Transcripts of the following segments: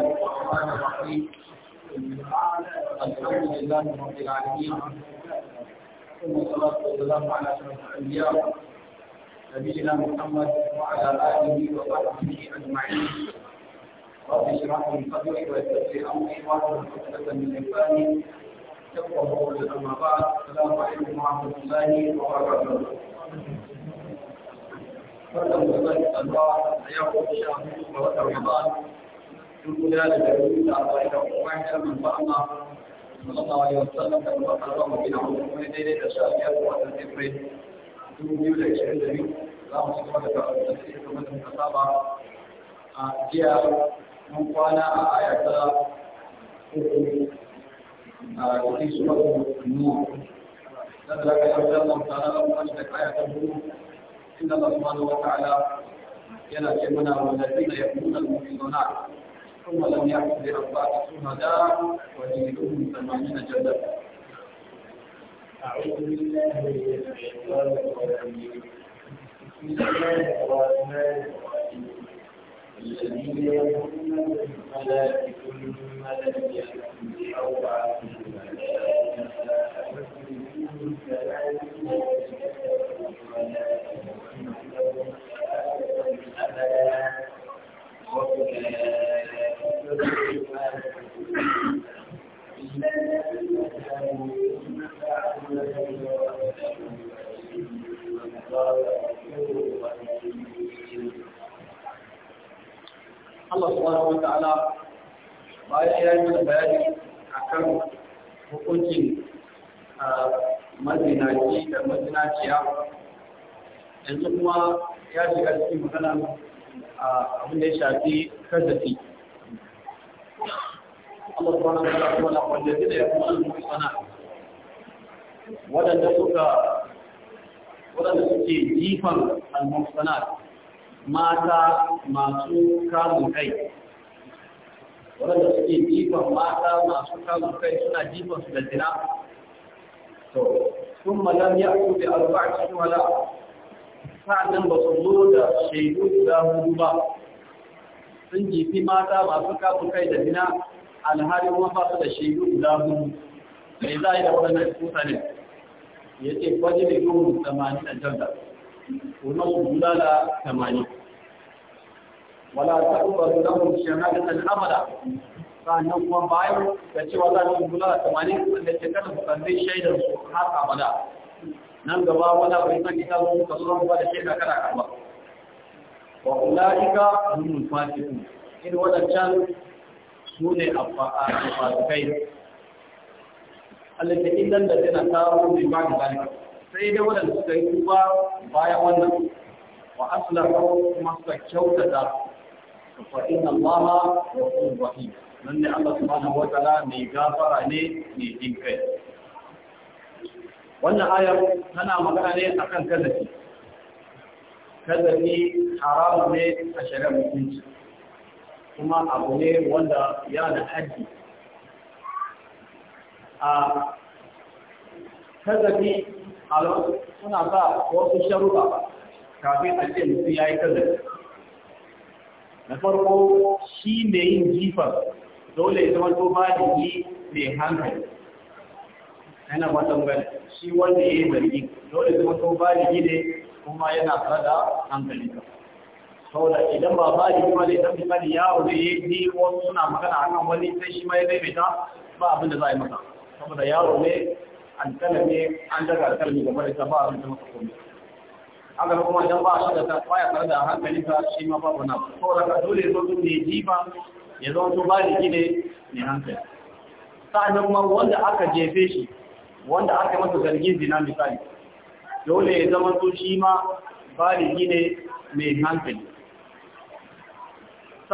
الرحمن الرحيم الحمد لله رب العالمين ثم الصلاة والسلام على أشرف الأنبياء نبينا محمد وعلى آله وصحبه أجمعين رب اشرح لي صدري ويسر لي أمري واحلل عقدة من لساني يفقه قولي أما بعد السلام عليكم ورحمة الله وبركاته فلم يزل الله يقول شهر رمضان يقول ذلك يريد أعطائه وعند من فأما صلى الله عليه وسلم كما قرر بين عمر من ليلة الشافعية والتفريد يقول يولى يشهد لي اللهم سبحانه وتعالى تسليم من المتابعة جاء من قال آية في سورة النور نزل كلام الله تعالى وأشهد آية النور إن الله سبحانه وتعالى يلا والذين يؤمنون المؤمنات ثم لم يكن لأربعة شهداء وجلدهم ثمانين جدا أعوذ بالله من الشيطان الرجيم بسم الله الرحمن الرحيم الذين يؤمنون بالصلاة ثم لم يكن لأربعة شهداء Allah subhanahu wa ta'ala bayan ya yi mana bayani akan hukuncin mazinaci da mazinaciya yanzu kuma ya shiga cikin magana abin da ya shafi kazafi Allah subhanahu wa ta'ala kuma na wallahi da ya kuma al-mu'minuna wadanda suka wadanda suke jifan al-mu'minuna mata masu kamun kai wadanda suke jifan mata masu kamun kai suna jifan su da zina to ثم لم يأتوا بأربعة شهداء sa'annan ba su zo da shaidu guda hudu ba sun jifi mata masu kafin kai da zina alhali kuma ba su da shi yi hudu mai za a yi da waɗannan kusanin ya ce kwaje da yiwu tamanin jarda kuma su gula da samani? wala ta kuma zama shi shahada da abada sannan kuma bayan da cewa za a gula da samani, wanda ke kada zai shaidar su har abada nan gaba wala bai san ita zo ka zuwa ba da shaida kada karba wa ulaika hum fasiqun in wadancan su ne a fasikai alifin idan da tana kawo mai ba da zalika sai dai waɗanda suka yi tuba bayan wannan wa aslar kuma ka kyautata fa inna allaha ghafurur rahim nan ne Allah subhanahu wataala mai gafara ne mai jin kai wannan ayar tana magana ne akan kazafi kazafi haramu ne a shari'ar mutunci kuma abu ne wanda ya da haji a kazafi suna sa wasu sharuɗa kafin a ce ya yi kazafi na farko shi ne yin jifar dole ya zama to yi mai hankali yana matan gani shi wanda ya yi zargi dole ya zama to yi ne kuma yana sada hankali kafin saboda idan ba ba jiki ba zai dan misali yaro ya yi ni wasu suna magana a kan wani sai shi ma ya maimaita ba abin da za a yi maka saboda yaro ne an ne an daga alkalmi game da ta ba abin da masa komai haka kuma idan ba shi da ta kwaya tare da hankali ta shi ma ba wani saboda ka dole zo tun ne ba ya zo tun ba jiki ne ne hankali sa'annan kuma wanda aka jefe shi wanda aka masa zargin zina misali dole ya zama to shi ma baligi ne mai hankali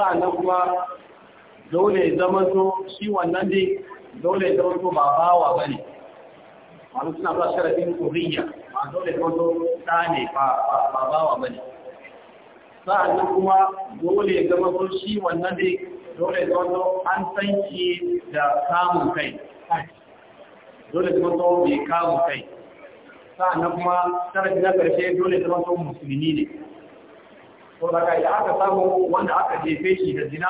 sa'annan kuma dole zama so shi wannan dai dole zama so ba bawa ba ne. wani suna ba sharafin kuriya ba dole zama so ta ne ba bawa bane sa'annan kuma dole zama so shi wannan dai dole zama so an san shi da kamun kai dole zama so mai kamun kai sa'annan kuma sharafin na karshe dole zama so musulmi ne saboda idan aka samu wanda aka jefe shi da zina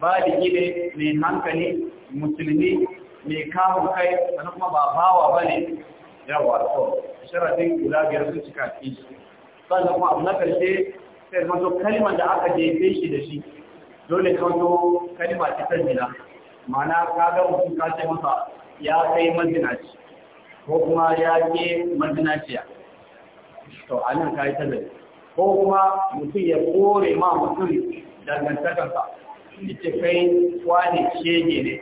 baligi ne mai hankali musulmi mai kamun kai sannan kuma ba bawa ba ne yawa to sharadin guda biyar sun cika fi sannan kuma abu na karshe sai zanto kalmar da aka jefe shi da shi dole zanto kalima ta ta zina mana ka ga mutum ka ce masa ya kai mazinaci ko kuma ya ke mazinaciya to a nan ka yi ta zai ko kuma mutum ya kore ma mutum dangantakarsa ita kai wane shege ne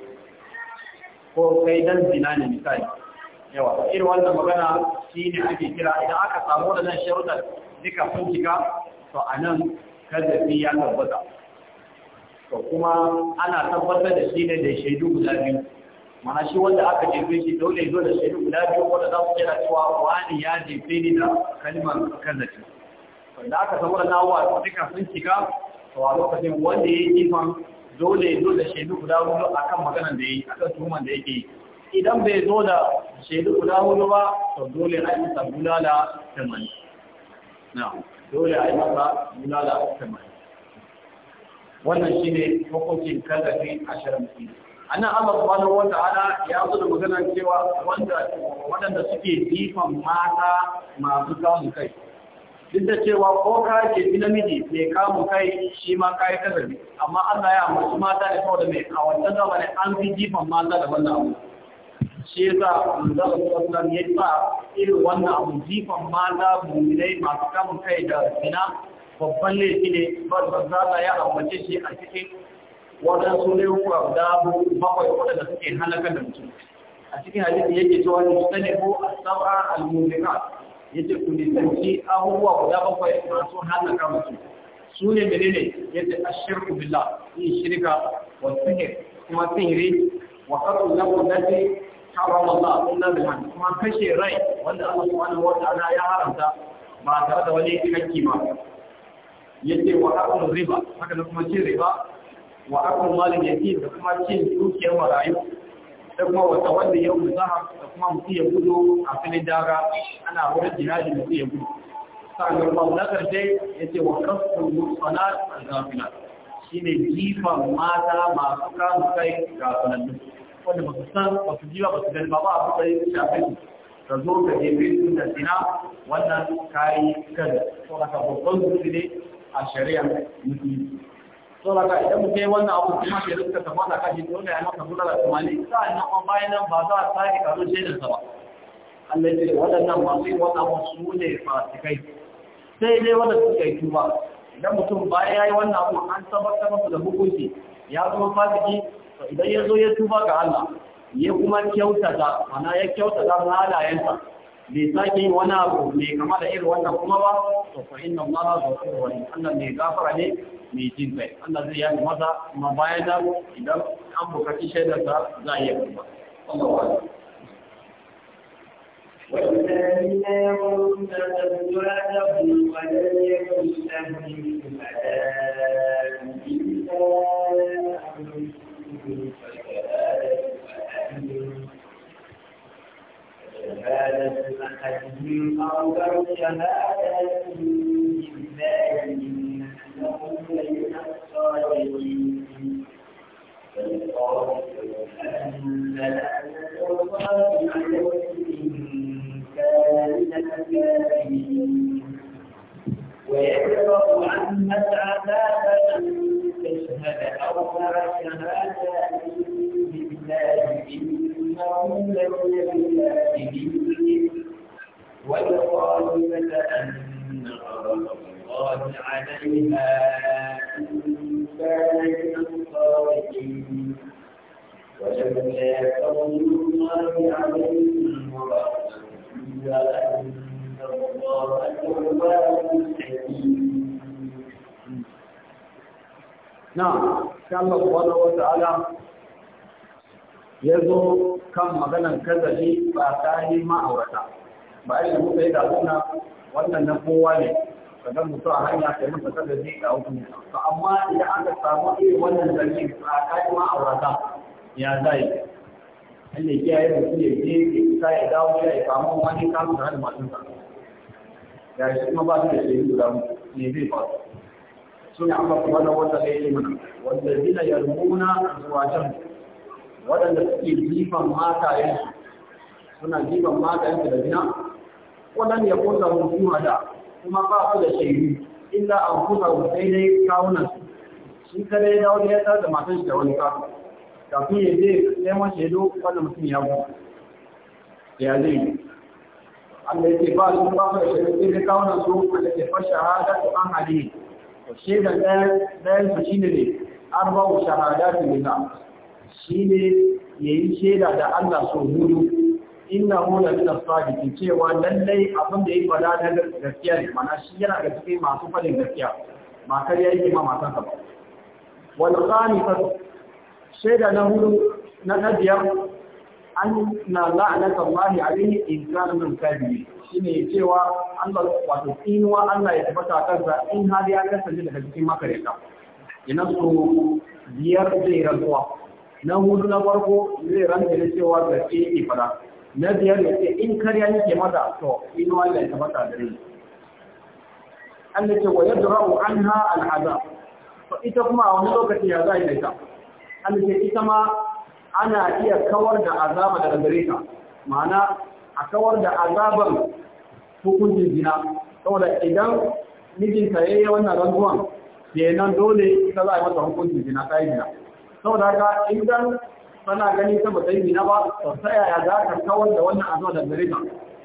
ko kai dan zina ne misali yawa irin wannan magana shi ne ake kira idan aka samu da nan shawarar duka sun shiga to a nan kazafi ya tabbata to kuma ana tabbatar da shi ne da shaidu guda biyu mana shi wanda aka jefe shi dole zo da shaidu guda biyu wanda za su kira cewa wani ya jefe ni da kalmar kazafi da aka samu da nawa duka sun cika to a lokacin wanda ya yi ifan dole ya zo da shaidu guda hudu a kan maganan da ya yi a kan tuhuman da ya ke. idan bai zo da shaidu guda hudu ba to dole a yi masa bulala ta tamani na dole a yi masa bulala ta tamani wannan shi ne hukuncin kallafi a shirin mutum annan Allah subhanahu wa ta'ala ya zo da maganar cewa wanda waɗanda suke jifan mata masu kamun kai duk da cewa ko ka ce namiji mai kamun kai shi ma kayi kazabi amma Allah ya ambaci mata da kawai da mai a wancan zama ne an fi jifan mata da wannan abu shi yasa manzon sallallahu ya sa irin wannan abu jifan mata mu'minai masu kamun kai da zina babban laifi ne babban zata ya amince shi a cikin waɗansu laifuka guda bakwai waɗanda suke halakar da mutum a cikin hadisi yake cewa ne ko a saba al-mubiqat ya ce ku nisanci abubuwa guda bakwai masu halaka mutum su ne menene ya ce a shirku billah yin shirka wa sihir kuma sihiri wa karun lafun nasi haram Allah sunna bil hamd kuma kashe rai wanda Allah subhanahu wata ta'ala ya haramta ba tare da wani hakki Ya ce wa akul riba haka kuma cin riba wa akul malin yatim da kuma cin dukiyar marayu da kuma wata wanda ya wuce zaha da kuma mutum ya gudu a filin daga ana wurin jihadi mutum ya gudu sannan ba na karshe ya ce wa kasu musalat al-gafila shine jifan mata masu kama kai ga sanannu wanda ba su san ba su jiwa ba su gani ba ba a kusa shafin ka zo ka jefe su da zina wannan kayi kan ko aka babban zuci ne a shari'a musulmi saboda idan mutum ya wannan abu kuma ke rinka ta fada kashi dole ya maka kula da tumali sa'an nan kuma bayan nan ba za a sake karo shaidar sa ba Allah ce waɗannan masu yi wannan abu su ne fasikai sai dai wanda suka yi tuba idan mutum bayan ya yi wannan abu an tabbatar masa da hukunci ya zo fasiki idan ya zo ya tuba ga Allah ya kuma kyautata mana ya kyautata halayensa bai sake wani abu mai kama da irin wannan kuma ba to fa inna Allah ghafurur rahim Allah mai gafara ne mai jin kai Allah zai yi maza kuma bayan da idan an bukaci shaidar sa za a yi kuma Allah wa والذين يرون أزواجهم ولم يكن لهم شهداء إلا أنفسهم شهادة أحدهم أربع شهادات بالله إنهم لمن الصادقين فالقاضي أن لعنة الله عليه إن كان من الكافرين ويكره عن عذاب أن تشهد أربع شهادات بالله إنهم إنهم لمن الكاذبين والقائمة أن غضب الله عليها إن كان من الصادقين ولولا الله عليهم ورحمته وأن الله تواب حكيم نعم كان الله سبحانه وتعالى ya zo kan maganan kazali ba tsakanin ma'aurata ba a yi da muka yi daguna wannan na kowa ne kaga mutu a hanya kai masa kazali a ne. Ba amma idan aka samu irin wannan zargi tsakanin ma'aurata ya zai inda kiyaye mutum ya je ya isa ya dawo ya yi samu wani kamun da hada sa. ya shi kuma ba su da shi guda ne zai faru suna amma kuma da wata ɗaya ne mana wanda zina yarmuna zuwa can? waɗanda suke jifan yin suna jifan yin da Ko nan ya kusa hukuma da kuma ba su da shaidu illa an kusa sai dai kawunan shi kare ya dawo ya tsar da matan shi da wani kafin kafin ya je neman shaidu wanda mutum ya gudu ya zai yi Allah yake ba su ba su da shaidu sai dai kawunan su da ke fashe hada su an hali to shaidan ɗayan su shi ne arba'u shahadatu lillah ne ya yi shaida da Allah so hudu inna hu la min sadiqin cewa lallai abin da yake fada na gaskiya ne mana shi yana ga cikin masu fadin gaskiya ba kar yake ma matan ka ba wal khamisat shaida na hudu na nabiyar anna la'anata Allah alayhi in kana min kadhibin shine cewa Allah wato inuwa Allah ya tabbata kansa in har ya kasance daga cikin makareta ina so biyar zai rantsuwa na hudu na farko zai ranta da cewa ga ke fara na biyar ya ce in karya yake mata to in wannan ta mata dare Allah ce wa an ha al'azab to ita kuma a wani lokaci ya yi da ita Allah ce ita ma ana iya kawar da azaba daga gare ta ma'ana a kawar da azaban hukuncin jina, saboda idan mijinta ya yi wannan rantsuwan kenan dole ita za a yi mata hukuncin jina ta yi jina saboda haka idan tana gani ta ba ta na ba sosai yaya za ka kawar da wannan azuwa da gare ta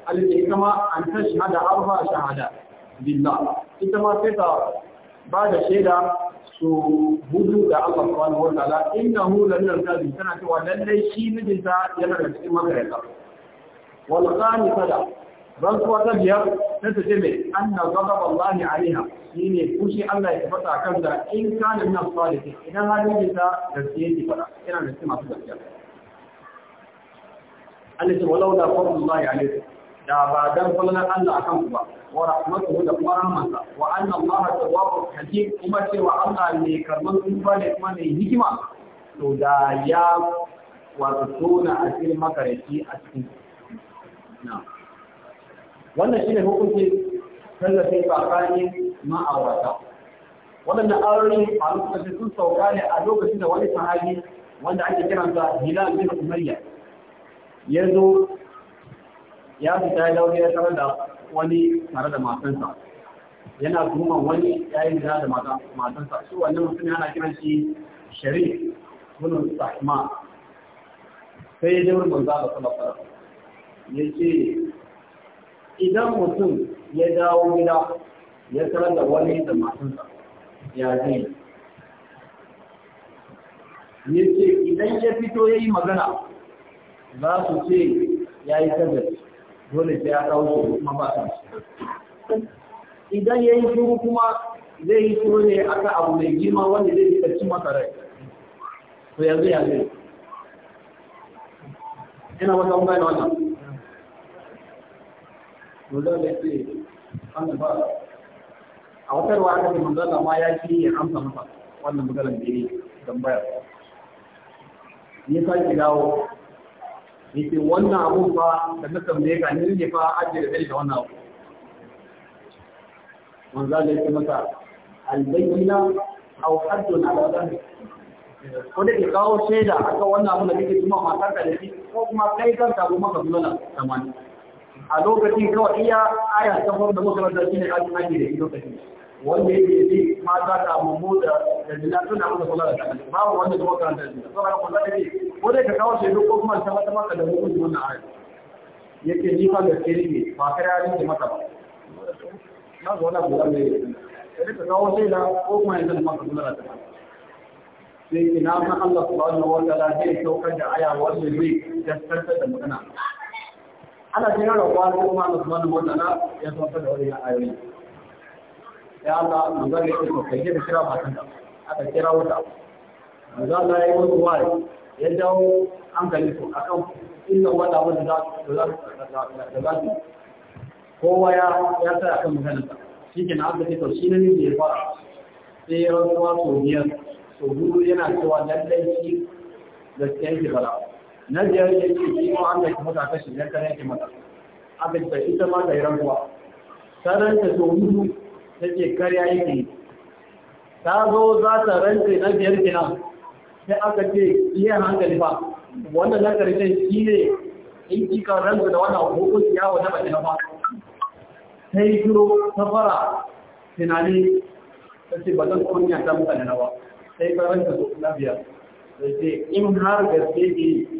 alike ita ma an ta shahada arba shahada Billa ita ma sai ta ba da shaida su hudu da Allah subhanahu wa ta'ala innahu lallan kazi tana cewa lallai shi mijinta yana da cikin makaranta wal qani sada rantsuwa ta biyar ta tafi mai an na zaba wallahi alaiha shi ne kushi Allah ya tabbata a kansa in kanin nan salisi idan halin yake ta gaskiya yake faɗa, yana da cikin masu gaskiya Allah ce walau da fadlu Allah alaihi da ba dan kullun Allah akan ku ba wa rahmatuhu da kuma rahmansa wa an anna Allah tawwabur hakim kuma cewa Allah ne karman tuba ne kuma ne hikima to da ya wato tona asirin makareci a cikin na'am wannan shi ne hukunci tallafin tsakanin ma'aurata waɗannan aure a lokacin sun sauka ne a lokacin da wani sahabi wanda ake kiransa hilal bin umayya ya zo ya fita ya dawo ya tare da wani tare da matansa yana tuhuman wani ya yi zina da matansa su wannan mutum yana kiran shi sharif bin sahma sai ya je wurin manzo Allah sallallahu alaihi wasallam ya ce idan mutum ya dawo gida ya tsara da wani da matansa ya zai ya ce idan ya fito ya yi magana za su ce ya yi tabbas dole sai ya kawo su kuma ba su idan ya yi shuru kuma zai yi shuru ne aka abu mai girma wanda zai yi tsarki masa rai to yanzu ya zai ina wata wani wannan manzon ya ce wannan ba a wata ruwa aka ce manzon ma ya ki ya amsa masa wannan maganar da yayi tambayar ni sai ki dawo ni ce wannan abun ba da na tambaye ka ni ne fa ajiye da da wannan abu manzon ya ce masa albayyina aw na da wani. ko da ke kawo shaida a aka wannan abun da kake tuma matarka da shi ko kuma kai kanka ko maka zuwa samani. a lokacin kawai iya ayar ta da makarantar shi ne ake da shi lokacin wanda ya ce mata ta mummu da jina da masa kula da kanan babu wanda ta makarantar shi ne, saboda kula da ke? ko dai ka kawo shaidu ko kuma ta mata maka da hukunci wannan ayar yake ni da gaske ne ba kare ne da mata ba na zo na kula da shi sai ka kawo shaida ko kuma yanzu maka kula da kanan sai na san Allah subhanahu wa ta'ala zai saukar da aya wanda zai gaskantar da magana ana cikin rabuwa da kuma da kuma dubu na ya tafi da wani ayoyi ya Allah mu zan yi ko kai da kira matan da aka kira wuta mu za la yi wasu wani ya jawo an kalli su akan inda wata wanda za su da za su kowa ya ya tsaya kan maganar sa shi ke na aka ce to shi ne ne ya fara sai ya rantsuwa sau biyar sau biyu yana cewa lallai shi gaskiya yake fara na biyar ya ce shi ma Allah ya mata kashi dan kana yake mata abin da ita ma ta yi rankuwa sanan ta so hudu ta ce karya yake ta zo za ta rantse na biyar nan, sai aka ce iya hankali ba, wannan na karshen shi ne in kika rantsa da wannan hukunci ya wata na fa sai kiro ta fara tunani ta ce ba zan kunya ta mutane na ba sai karanta su na biyar da ce in har gaske ne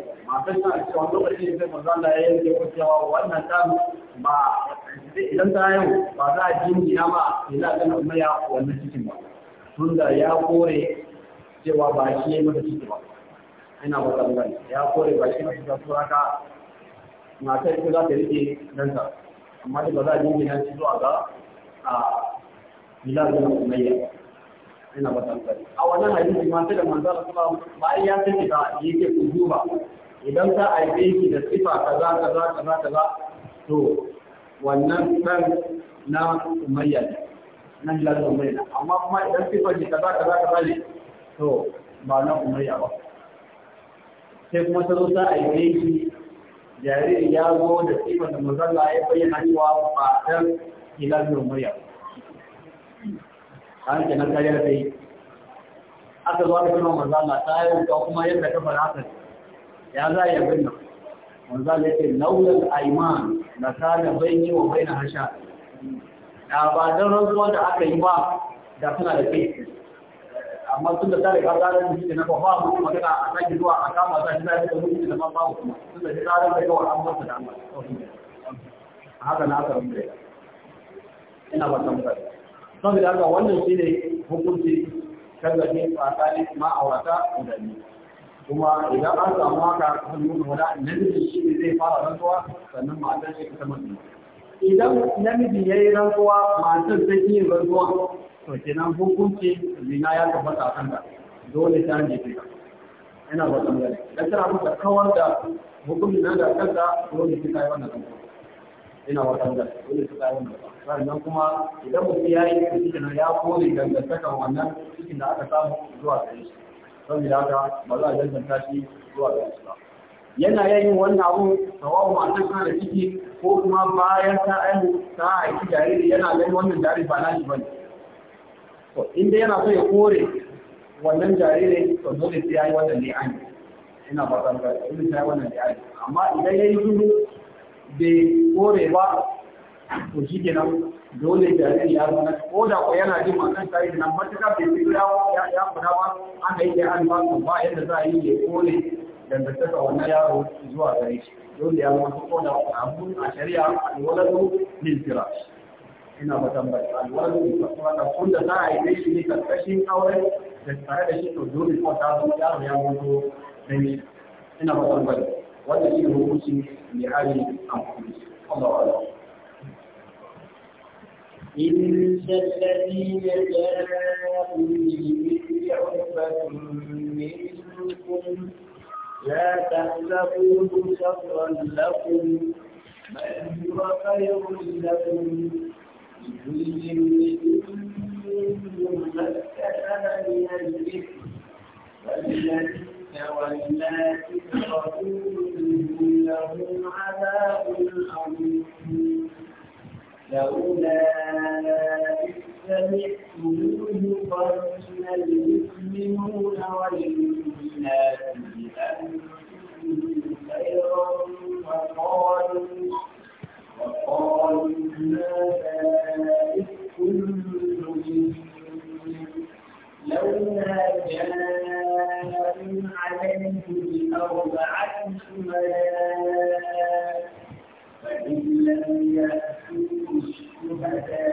masu suna cewa lokacin da manzo Allah ya yanke cewa wannan ba idan ta yau ba za a jingina ba ya za ta umaya wannan cikin ba tun da ya kore cewa ba shi ya yi mata ciki ba ina ba ta bugani ya kore ba shi mata ciki ba ka matar ita za ta rike ta. amma da ba za a jingina shi zuwa ga a bilal bin umayya ina ba ta bugani a wannan hadisi ma ta da manzo Allah sallallahu alaihi wasallam ba ya yi da yake ba idan ka aibe shi da sifa kaza kaza kaza kaza to wannan kan na umayya ne na hilal umayya amma kuma idan sifa ne kaza kaza kaza ne to ba na umayya ba sai kuma ta zo ta aibe shi jariri ya zo da sifa da mazalla ya bayyana cewa ba ɗan hilal umayya ba an kenan karyar sai aka zo aka kuma mazalla ta yi kuma yadda ka fara haka ya za ya binna wanda ya ce laulal aiman na kana yi wa bayna hasha da ba don rantsuwa da aka yi ba da suna da kai amma tun da tare ka zarar da shi na ba ba mu magana a sake zuwa a kama za shi zai da mutum da ba babu kuma tun da shi zarar da kawai an su da amma haka na aka rubuta ina ba ta mutane saboda haka wannan shi ne hukunci kan gaje tsakanin ma'aurata da ni. kuma idan an samu haka hannun wada namiji shi ne zai fara rantsuwa sannan matan shi ta mutu idan namiji ya yi rantsuwa matan ta yi rantsuwa to kenan hukunci zina ya tabbata a kanta dole ta jefe ka ina ba tambaya da tana muka kawar da hukumi nan da kanta dole ta kai wannan rantsuwa ina ba tambaya dole ta kai wannan sannan kuma idan mutum ya yi cikin ya kone dangantakar wannan cikin da aka samu zuwa gare shi saboda haka ba za a danganta shi zuwa ga ba yana yayin wannan abu sawa'u matan tana da ciki ko kuma bayan ta aihu ta aiki jariri yana ganin wannan jariri ba nashi ne. to inda yana so ya kore wannan jariri to dole sai yayi wannan li'ani ina ba zan ga dole sai wannan li'ani amma idan yi shiru bai kore ba to shikenan dole jaririn ya zama ko da ko yana jin wannan tarihi nan matuƙa bai fi ya ya fada ba an da yake an ba ba yadda za a yi ya kone dangantaka wannan yaro zuwa gare shi dole ya zama ko da abu a shari'a alwaladu min firash ina ba tambaya alwaladu min firash da kun da za a yi shi ne karkashin aure da tare da shi to dole ko ta zo yaro ya mutu dan shi ina ba tambaya wannan shi hukunci ne hali kullum Allah Allah إن الذين جاءوا بالعرفة منكم لا تحسبوه شرا لكم بل هو خير لكم لكل امرئ منهم ما اكتسب من الإثم والذي تولى كفره له عذاب عظيم لولا سمعتموه ظن المسلمون والمؤمنات بأنفسهم خيرا وقالوا وقالوا ماذا إفك مبين لولا جاء عليه بأربعة شهداء فإن لم يأت Yeah.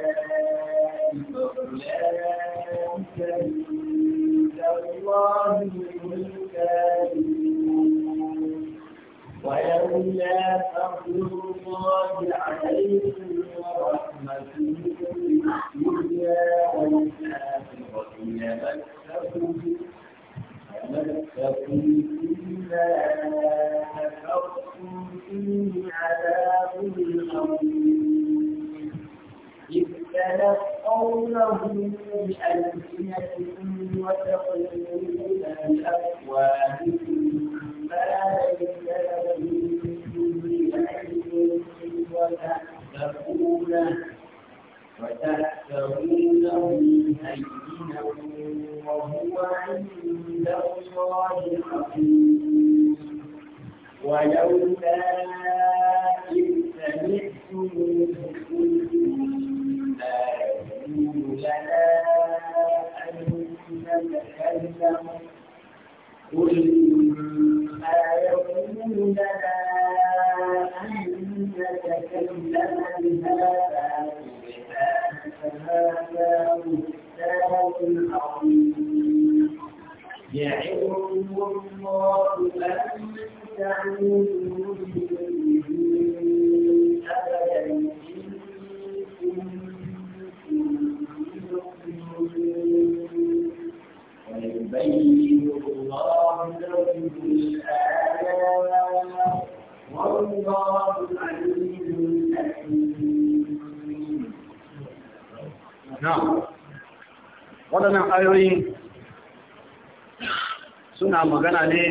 suna magana ne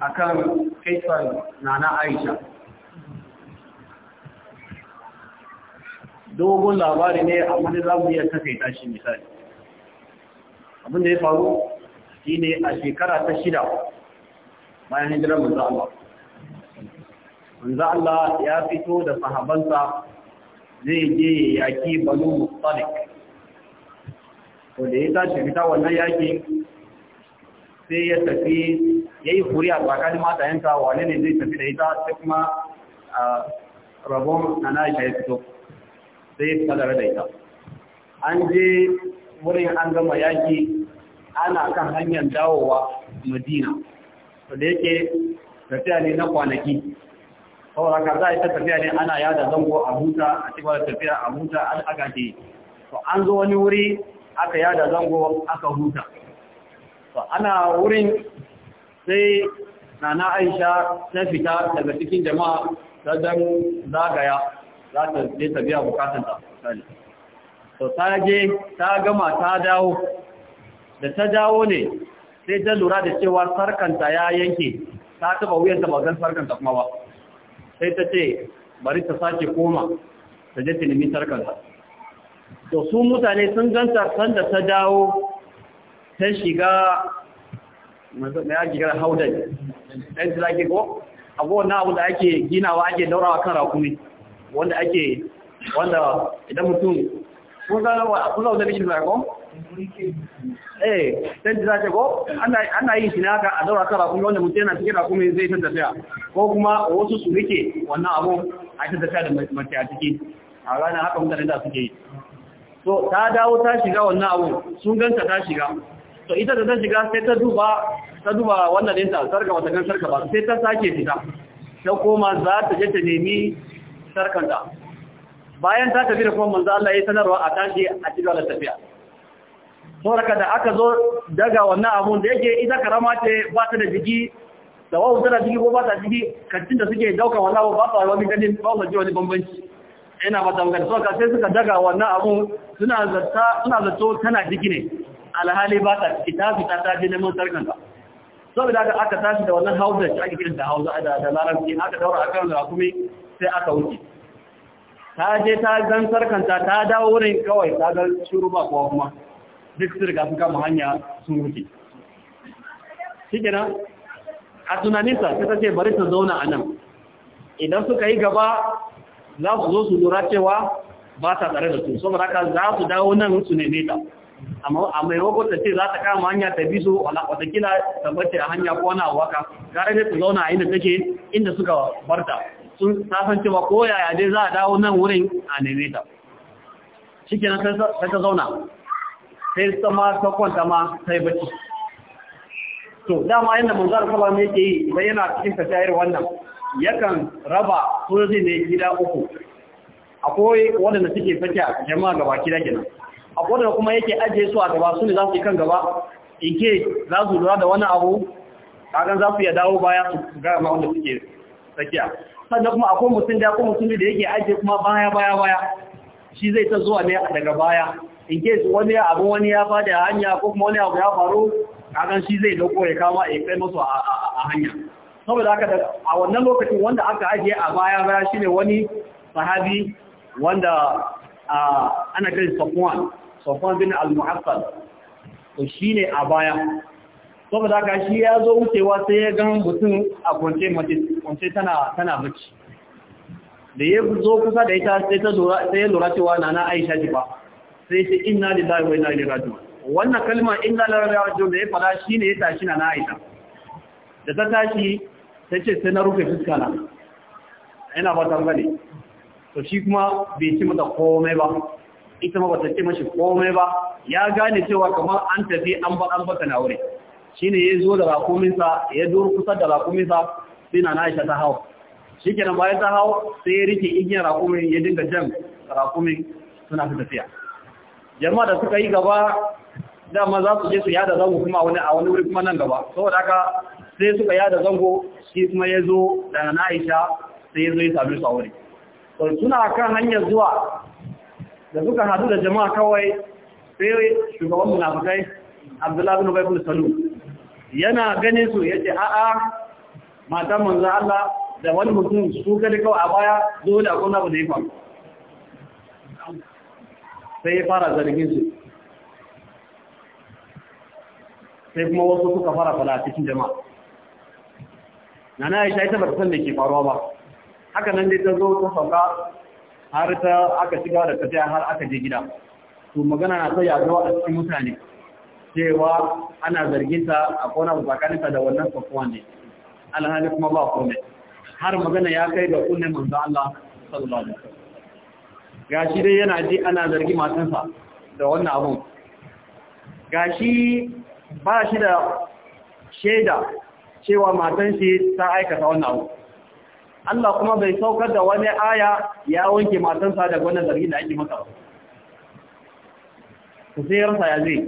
akan kaifar nana aisha dogon labari ne a wani zamu iya takaita shi misali abin ya faru shi ne a shekara ta shida bayan hijirar manzo Allah manzo Allah ya fito da sahabansa zai je yaki banu mustalik to da ya tashi fita wannan yaƙi sai ya tafi ya yi huri a tsakanin yanka wane ne zai tafi da ita sai kuma rabon na aisha ya fito sai ya fita da ita an je wurin an gama yaƙi ana kan hanyar dawowa madina to da yake tafiya ne na kwanaki sau da karza ita tafiya ne ana yada zango a huta a cikin tafiya a huta an ke to an zo wani wuri aka yada zango aka huta ana wurin sai nana aisha ta fita daga cikin jama'a ta dan zagaya za ta je ta biya bukatanta to ta je ta gama ta dawo da ta dawo ne sai ta lura da cewa sarkanta ya yanke ta taba wuyanta ba zan sarkanta kuma ba sai ta ce bari ta sake koma ta je ta nemi sarkanta to su mutane sun ganta sanda ta dawo ta shiga mai ake gara haudai ɗan su ake ko abuwan na abu da ake ginawa ake daurawa kan rakumi wanda ake wanda idan mutum kun zana wa kun zaune rikin zarko? eh ɗan su zace ko ana yi shi haka a daura kan rakumi wanda mutum yana cikin rakumi zai ta tafiya ko kuma wasu su rike wannan abu a ta tafiya da mace a ciki a ranar haka mutane da suke yi to ta dawo ta shiga wannan abu sun ganta ta shiga to ita da ta shiga sai ta duba ta duba wannan ɗinta sarka wata gan sarka ba sai ta sake fita ta koma za ta je ta nemi sarkanta bayan ta tafi da kuma manzo Allah ya sanarwa a tashi a cikin wannan tafiya sauraka da aka zo daga wannan abun da yake ita karama ce ba ta da jiki da wau tana jiki ko ba ta jiki kancin da suke dauka wannan abu ba ta wani ganin ba wani wani bambanci ina mata magana so sai suka daga wannan abu suna zata suna zato tana jiki ne alhali ba ta ciki ta fita ta je neman sarkanta. Sau saboda aka tashi da wannan hausa shi ake kiran da hausa da da larabci aka daura akan rakumi sai aka wuce ta je ta gan sarkanta ta dawo wurin kawai ta ga shuru ba kuwa kuma duk su riga sun kama hanya sun wuce shi kenan a tunaninsa sai ta ce bari ta zauna a nan idan suka yi gaba za su zo su lura cewa ba ta tsare da su saboda haka za su dawo nan su ne amma a mai ta ce za ta kama hanya ta bi su watakila ta a hanya ko na waka gara ne su zauna a inda take inda suka barta sun san cewa ko yaya dai za a dawo nan wurin a neme ta sai zauna sai sama ta kwanta ma sai bacci to dama yadda manzar sallallahu ne ke yake yi idan yana cikin tafiyar wannan yakan raba zai ne gida uku akwai waɗanda suke fata jama'a gaba gida gina akwai waɗanda kuma yake ajiye su a gaba su ne za su yi kan gaba in ke za su lura da wani abu kagan za su iya dawo baya su ga ma wanda suke tsakiya sannan kuma akwai mutum da kuma mutum da yake ajiye kuma baya baya baya shi zai ta zuwa ne daga baya in ke wani abu wani ya fada hanya ko kuma wani abu ya faru kagan shi zai dauko ya kama ya kai musu a hanya saboda aka da, a wannan lokacin wanda aka ajiye a baya baya shine wani sahabi wanda ana kai Safwan Safwan bin al-Mu'affal to shine a baya saboda haka shi ya zo wucewa sai ya ga mutum a kwance mace kwance tana tana bacci da ya zo kusa da ita sai ta lura sai ya lura cewa nana Aisha ji ba sai ce inna lillahi wa inna ilaihi raji'un wannan kalma inna lillahi wa inna ilaihi raji'un da ya fada shine ya tashi nana Aisha da ta tashi sai ce sai na rufe fuska na ina ba ta gane to shi kuma bai ci mata komai ba ita ma bata ce mashi komai ba ya gane cewa kamar an tafi an ba an baka na wuri shine ya zo da rakuminsa ya zo kusa da rakuminsa sai na Aisha ta hawo shikenan bayan ta hawo sai ya rike igiyar rakumin ya dinga jan rakumin suna ta tafiya jama'a da suka yi gaba dama za su je su yada zango kuma a wani wuri kuma nan gaba saboda haka sai suka yada zango shi kuma ya zo daga na'isha sai ya zo ya sami su aure suna kan hanyar zuwa da suka hadu da jama'a kawai sai shugaban munafukai abdullahi bin ubay bin yana ganin su yace a'a matan manzo Allah da wani mutum su gani kawai a baya dole akwai na da ya faru sai ya fara zargin su sai kuma wasu suka fara fara cikin jama'a nana aisha ita ba ta san me ke faruwa ba haka nan dai ta zo ta sauka har ta aka shiga da ta har aka je gida to magana na sai zo a cikin mutane cewa ana zargin ta a kona tsakanin ta da wannan safuwan ne alhali kuma ba komai har magana ya kai ga kunnen manzo Allah sallallahu alaihi wasallam gashi dai yana ji ana zargi matansa da wannan abun gashi ba shi da shaida cewa matan shi ta aikata wannan abu Allah kuma bai saukar da wani aya ya wanke matansa daga wannan zargin da ake masa ku sai yarsa ya zai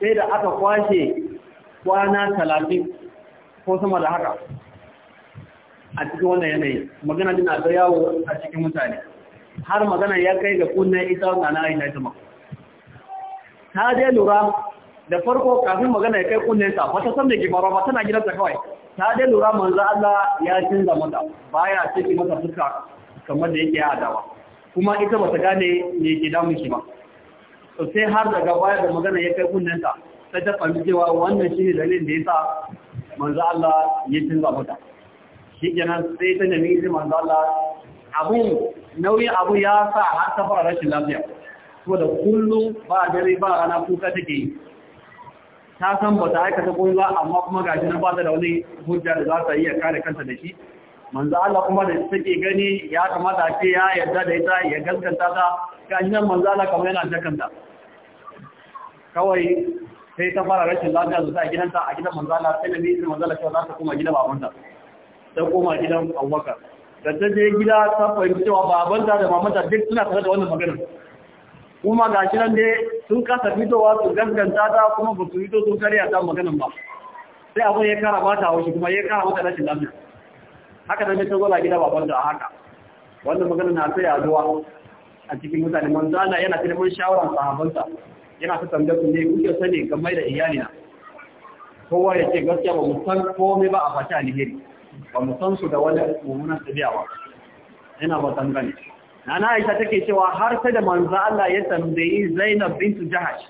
sai da aka kwashe kwana talatin ko sama da haka a cikin wannan yanayi magana dina da yawo a cikin mutane har magana ya kai ga kunnen ita na na ta ita ma ta dai lura da farko kafin magana ya kai kunnensa wata san da ke ba tana gidansa kawai ta dai lura manzo Allah ya canza mata baya ki mata fuska kamar da yake dawa. kuma ita bata gane me ke damun shi ba to sai har daga baya da magana ya kai kunnensa sai ta fahimci cewa wannan shine dalilin da yasa manzo Allah ya canza mata kenan sai ta nemi izinin manzo Allah abu nauyin abu ya sa har ta fara rashin lafiya da kullum ba dare ba rana kuka take yi ta san ba ta aikata koyi ba amma kuma gashi na ba da wani hujja da za ta yi ya kare kanta da shi manzo Allah kuma da take gani ya kamata ce ya yarda da ita ya gaskanta ta gashi nan manzo Allah kamar yana jakanta kawai sai ta fara rashin lafiya zuwa gidanta a gidan manzo Allah sai da ni manzo Allah cewa za ta koma gidan babanta ta koma gidan Abubakar da ta je gida ta fahimci cewa babanta da mamanta duk suna tare da wannan maganar kuma ga shi nan dai sun kasa fitowa su gaskanta ta kuma ba su fito sun karya ta maganin ba sai abin ya kara mata haushi kuma ya kara mata rashin lafiya haka nan ta zola gida baban da haka wannan magana na sai yaduwa a cikin mutane manzo yana neman shawaran sahabansa yana ta tambayar su ne kuke sani game da iyalina kowa ya ce gaskiya ba mu san komai ba a fata alheri ba mu san su da wani mummunan tabiya Yana ba tangane Nana Aisha take cewa har sai da manzo Allah ya tambayi Zainab bintu Jahash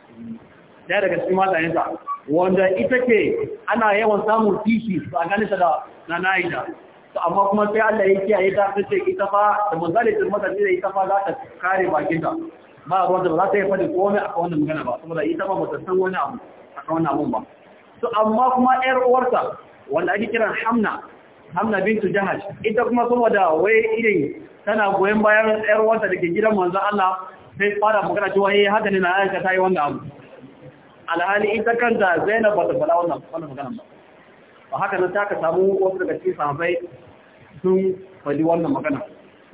daya daga cikin matayensa wanda ita ce ana yawan samun kishi a ganin ta da Nana Aisha to amma kuma sai Allah ya kiyaye ta ta ce ita fa da manzo Allah ya mata ne ita fa za ta kare bakin ta ba wanda ba za ta yi fadi komai a wannan magana ba saboda ita ba ta san wani abu a wannan abun ba to amma kuma ƴar uwarta wanda ake kiran Hamna hamna bintu jahaj ita kuma saboda wai irin tana goyon bayan yar wata da ke gidan manzo Allah sai fara magana cewa eh haka ne na aika yi wannan abu alhali ita kanta Zainab ta fara wannan wannan magana ba ba haka nan ta ka samu wasu daga cikin sahabbai sun fadi wannan magana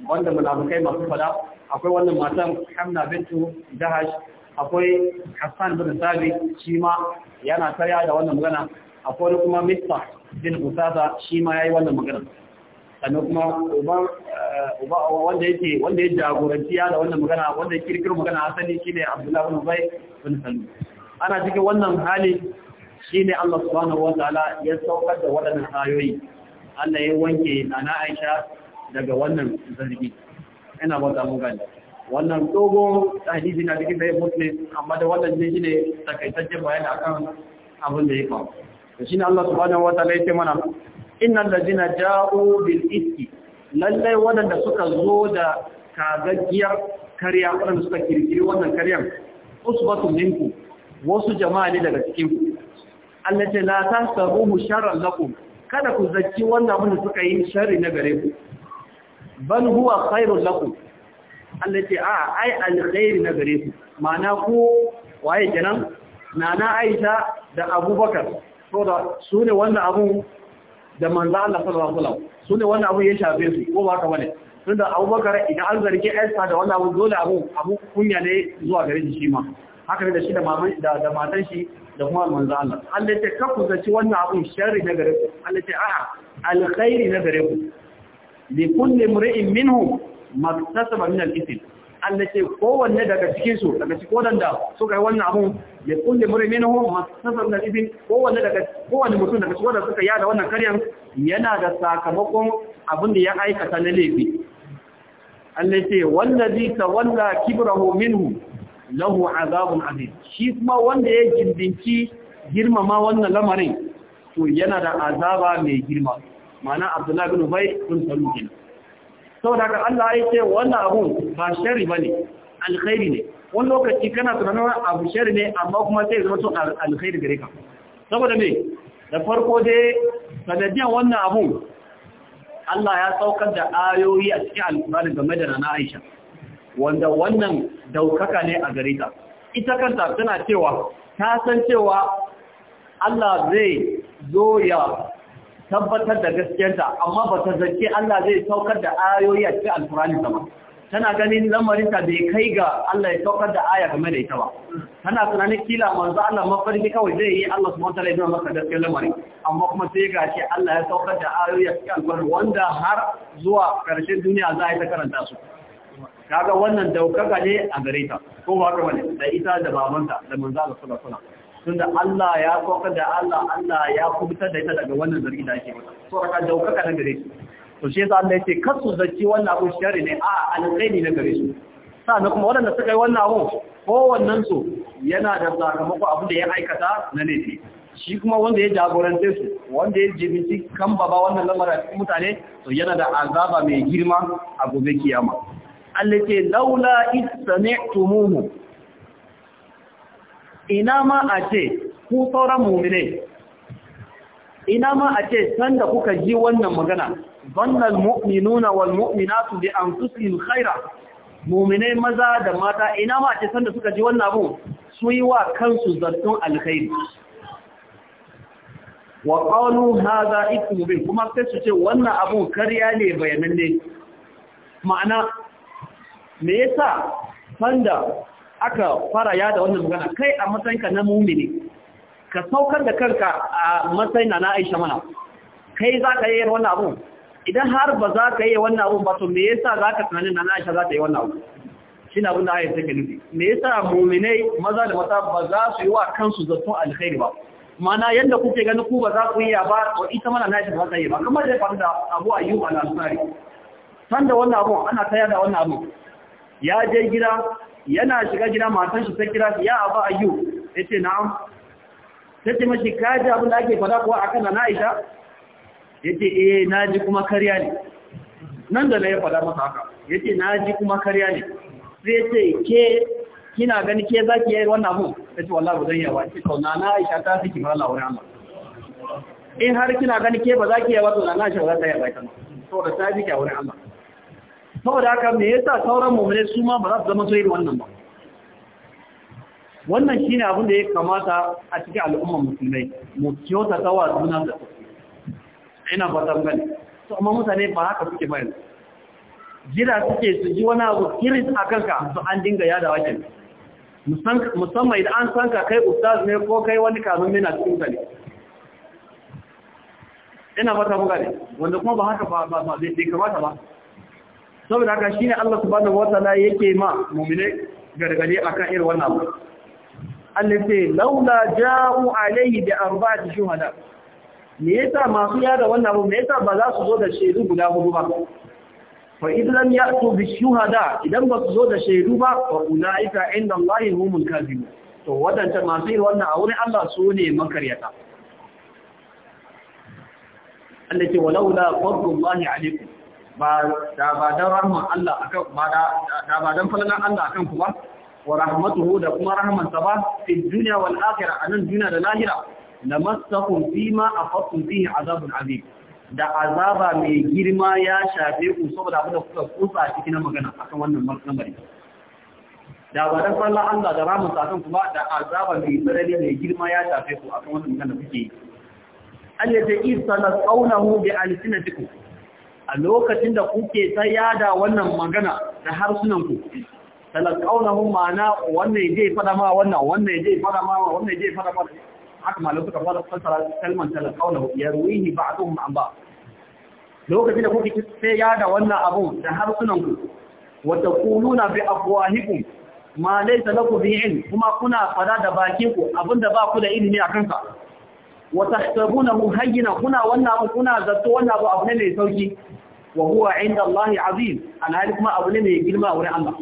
wanda kai masu fada akwai wannan matan Hamna bintu jahaj akwai Hassan bin Sabi shi ma yana tarya da wannan magana akwai kuma Mista. bin usasa shi ma yi wannan magana sannan kuma eh, wanda yake wanda ya jagoranci ya da wannan magana wanda ya kirkiro magana asali ne abdullahi bin Ubay bin Salul ana cikin wannan hali shi ne Allah subhanahu ta'ala ya saukar da waɗannan ayoyi Allah ya wanke Nana Aisha daga wannan zargi ina ba ta mun gani wannan dogon hadisi na cikin sai Muslim amma da wannan ne shine takaitaccen bayan akan abin da ya faru shine Allah subhanahu ta'ala yake mana innal ladina ja'u bil iski lallai wadanda suka zo da kagaggiyar kariya wadanda suka kirkiri wannan kariyar usbatun minku wasu jama'a ne daga cikin ku allati la tahsabuhu sharran lakum kada ku zaci wannan mun suka yi sharri na gare ku bal huwa khairul lakum allati a ai alkhairi na gare ku ma'ana ku waye kenan nana Aisha da Abubakar so da su ne wanda abun da manza Allah sallallahu alaihi wasallam su ne wanda abun ya shafe su ko ba ka bane tunda Abubakar idan an zarge Esther da wannan abun dole abun abun kunya ne zuwa gare shi ma haka ne da shi da maman da da matan shi da kuma manza Allah Allah ya kafu ci wannan abun sharri na gare ku Allah ya a alkhairi na gare ku li kulli imri'in minhum maktasaba min al-ithm Allah kowanne daga cikinsu daga cikin da suka yi wannan abun ya kulle muri minahu masu sassan da ibin kowanne daga kowanne mutum daga cikin suka yada wannan karyan yana da sakamakon abin da ya aikata na laifi Allah ce wallazi tawalla kibrahu minhu lahu azabun azim shi kuma wanda ya jindinci girmama wannan lamarin to yana da azaba mai girma ma'ana Abdullahi bin Ubay sanu Salul saboda haka Allah ya ce wannan abun ba shari bane alkhairi ne wani lokaci kana tunanin abu shari ne amma kuma sai zama to alkhairi gare ka saboda me da farko dai sanadiyan wannan abu Allah ya saukar da ayoyi a cikin alkurani game da Nana Aisha wanda wannan daukaka ne a gare ta ita kanta tana cewa ta san cewa Allah zai zo ya tabbatar da gaskiyarta amma ba ta Allah zai saukar da ayoyi a cikin alkurani ba tana ganin lamarinta bai kai ga Allah ya saukar da aya game da ita ba tana tunanin kila manzo Allah mafarki kawai zai yi Allah subhanahu wataala ya masa gaskiyar lamarin amma kuma sai ga shi Allah ya saukar da ayoyi a cikin alkurani wanda har zuwa karshen duniya za a yi ta karanta su kaga wannan daukaka ne a gareta, ta ko ba ka bane da ita da babanta da manzo Allah sallallahu alaihi tunda Allah ya kokar da Allah Allah ya kubutar da ita daga wannan zargi da ake mata so raka daukaka na gare su to shi yasa Allah ya ce kasu zaki wannan abu shari ne a alƙaini na gare su sannan kuma waɗanda suka yi wannan abu kowannen su yana da sakamako abin da ya aikata na laifi shi kuma wanda ya jagorance su wanda ya jibinci kan baba wannan lamara mutane to yana da azaba mai girma a gobe kiyama Allah ce laula istami'tumuhu ina ma a ce ku sauran mu'mine ina ma a ce sanda kuka ji wannan magana zannal mu'minuna wal mu'minatu bi anfusihim khaira mu'minai maza da mata ina ma a ce sanda suka ji wannan abu su yi wa kansu zartun alkhairi wa qalu hadha ikum bi kuma sai su ce wannan abun karya ne bayananne ma'ana me yasa sanda aka fara da wannan magana kai a matsayinka na mumini ka saukar da kanka a matsayin na Aisha mana kai za ka yi wannan abu idan har ba za ka yi wannan abu ba to me yasa za ka tunanin na Aisha za ta yi wannan abu shi na abin da Aisha take nufi me yasa muminai maza da mata ba za su yi wa kansu zaton alkhairi ba mana yadda kuke ganin ku ba za ku yi ba to ita mana Aisha ba za ta yi ba kamar da faru da Abu Ayyub al-Ansari san da wannan abu ana tayar da wannan abu ya je gida yana shiga gida matan shi ta kira shi ya aba ayyu ce na'am tace mashi ka ji abin da ake fada kuwa kan na Aisha ce eh ji kuma karya ne nan da na ya fada masa haka ya ce na ji kuma karya ne sai ce ke kina gani ke za ki yi wannan abu ce wallahi bazan yawa ce kau na Aisha ta fi kima Allah wani in har kina gani ke ba za ki yi to na Aisha za ta yaba ita to da ta fi kya wani Allah saboda haka mai yasa sauran mummune su ma ba za su zama su yi wannan ba wannan shine abin da ya kamata a cikin al'ummar musulmai mu kyauta a juna da ina fatan gani Su amma mutane ba haka suke bayan. jira suke su ji wani abu kiris a kanka su an dinga yada wakin musamman idan an sanka kai ustaz ne ko kai wani kamun mina cikin gani ina ba mu gani wanda kuma ba haka ba ba ba bai kamata ba saboda haka shine Allah subhanahu wataala yake ma mu'mine gargade akan irin wannan ba. Allah sai laula ja'u alaihi bi arba'ati shuhada me yasa masu yada wannan abu me yasa ba za su zo da shaidu guda hudu ba fa idan ya'tu bi shuhada idan ba su zo da shaidu ba fa ulaika inda Allah humul ba. to wadanta masu yin wannan a wurin Allah su ne makaryata Allah ce walaula fadlullahi alaikum ba da ba Allah akan kan ku ba wa rahmatuhu da kuma rahmansa ba fi dunya wal a nan duniya da lahira da ma a fasun fi azabun abi, da azaba mai girma ya shafe ku saboda abu da kuka kusa cikin magana akan wannan markamari da ba don falla Allah da ramin sa kan kuma da azaba mai tsarari mai girma ya shafe ku akan wannan magana kuke yi Allah ta isa la qawluhu bi alsinatikum a lokacin da kuke ta yada wannan magana da harsunanku talakaunahum ma'ana wannan je fada ma wannan wannan je fada ma wannan je fada ma haka malam suka fara fassara kalman talakaunahum yarwihi ba'dhum an ba lokacin da kuke ta yada wannan abun da harsunanku wa taquluna bi afwahikum ma laysa lakum bi'in kuma kuna fada da bakinku abinda ba ku da ilimi akan sa wa tahsabunahu hayyina kuna wannan abu kuna zato wannan abu abu ne mai sauki wa huwa inda Allah azim alhali kuma abu ne mai girma wurin Allah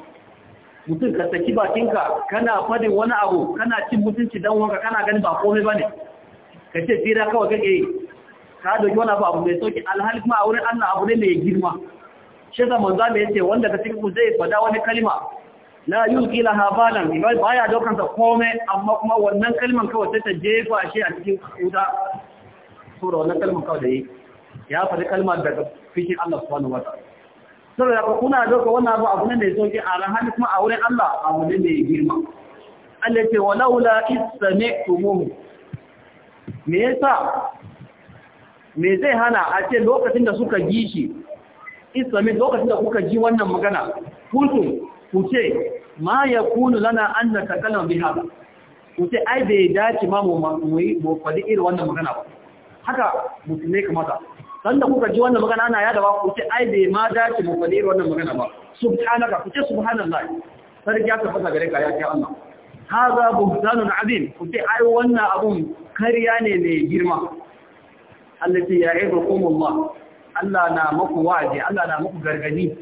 mutum ka saki bakinka kana fadin wani abu kana cin mutunci dan wanka kana ganin ba komai bane ka ce tsira kawai kake yi ka doki wani abu abu mai sauki alhali kuma a wurin Allah abu ne mai girma shi da manzo yace wanda ka cikin ku zai fada wani kalma la yuki laha balan baya daukan sa komai amma kuma wannan kalman kawai sai ta jefa shi a cikin wuta sura wannan kalman kawai da yi ya faɗi kalmar daga fishin Allah subhanahu wa ta'ala saboda ka kuna doka wannan abu abu ne da yake a rahani kuma a wurin Allah abu ne mai girma Allah ya ce walaula istami'tumuhu me yasa me zai hana a ce lokacin da suka ji shi islami lokacin da kuka ji wannan magana kuntum ku ce ma ya kunu lana an na takalma bi haka ku ce ai bai dace ma mu yi mu faɗi irin wannan magana ba haka musulmai kamata sanda kuka ji wannan magana ana yada ba ku ce ai bai ma dace mu faɗi irin wannan magana ba subhanaka ku ce subhanallah sarki ya tabbata gare ka ya ce Allah haza buhtanun azim ku ce ai wannan abun kariya ne mai girma Allah allati ya'idukum Allah Allah na muku waje Allah na muku gargadi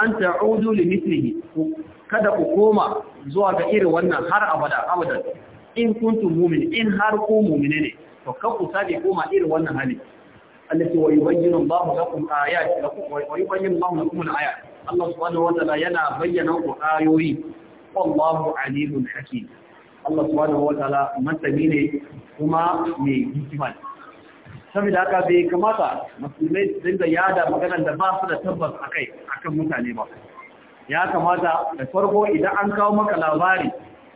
an ta'udu li mithlihi kada ku koma zuwa ga irin wannan har abada abadan in kuntum mu'min in har ku mu'mine ne to ka ku sake koma irin wannan hali allati wa yubayyinu Allahu lakum ayati wa yubayyinu Allahu lakum ayati Allah subhanahu wa ta'ala yana bayyana ku ayoyi wallahu alimun hakim Allah subhanahu wa ta'ala masani ne kuma mai hikima saboda haka bai kamata musulmai su dinga yada maganar da ba su da tabbas a kai akan mutane ba ya kamata da farko idan an kawo maka labari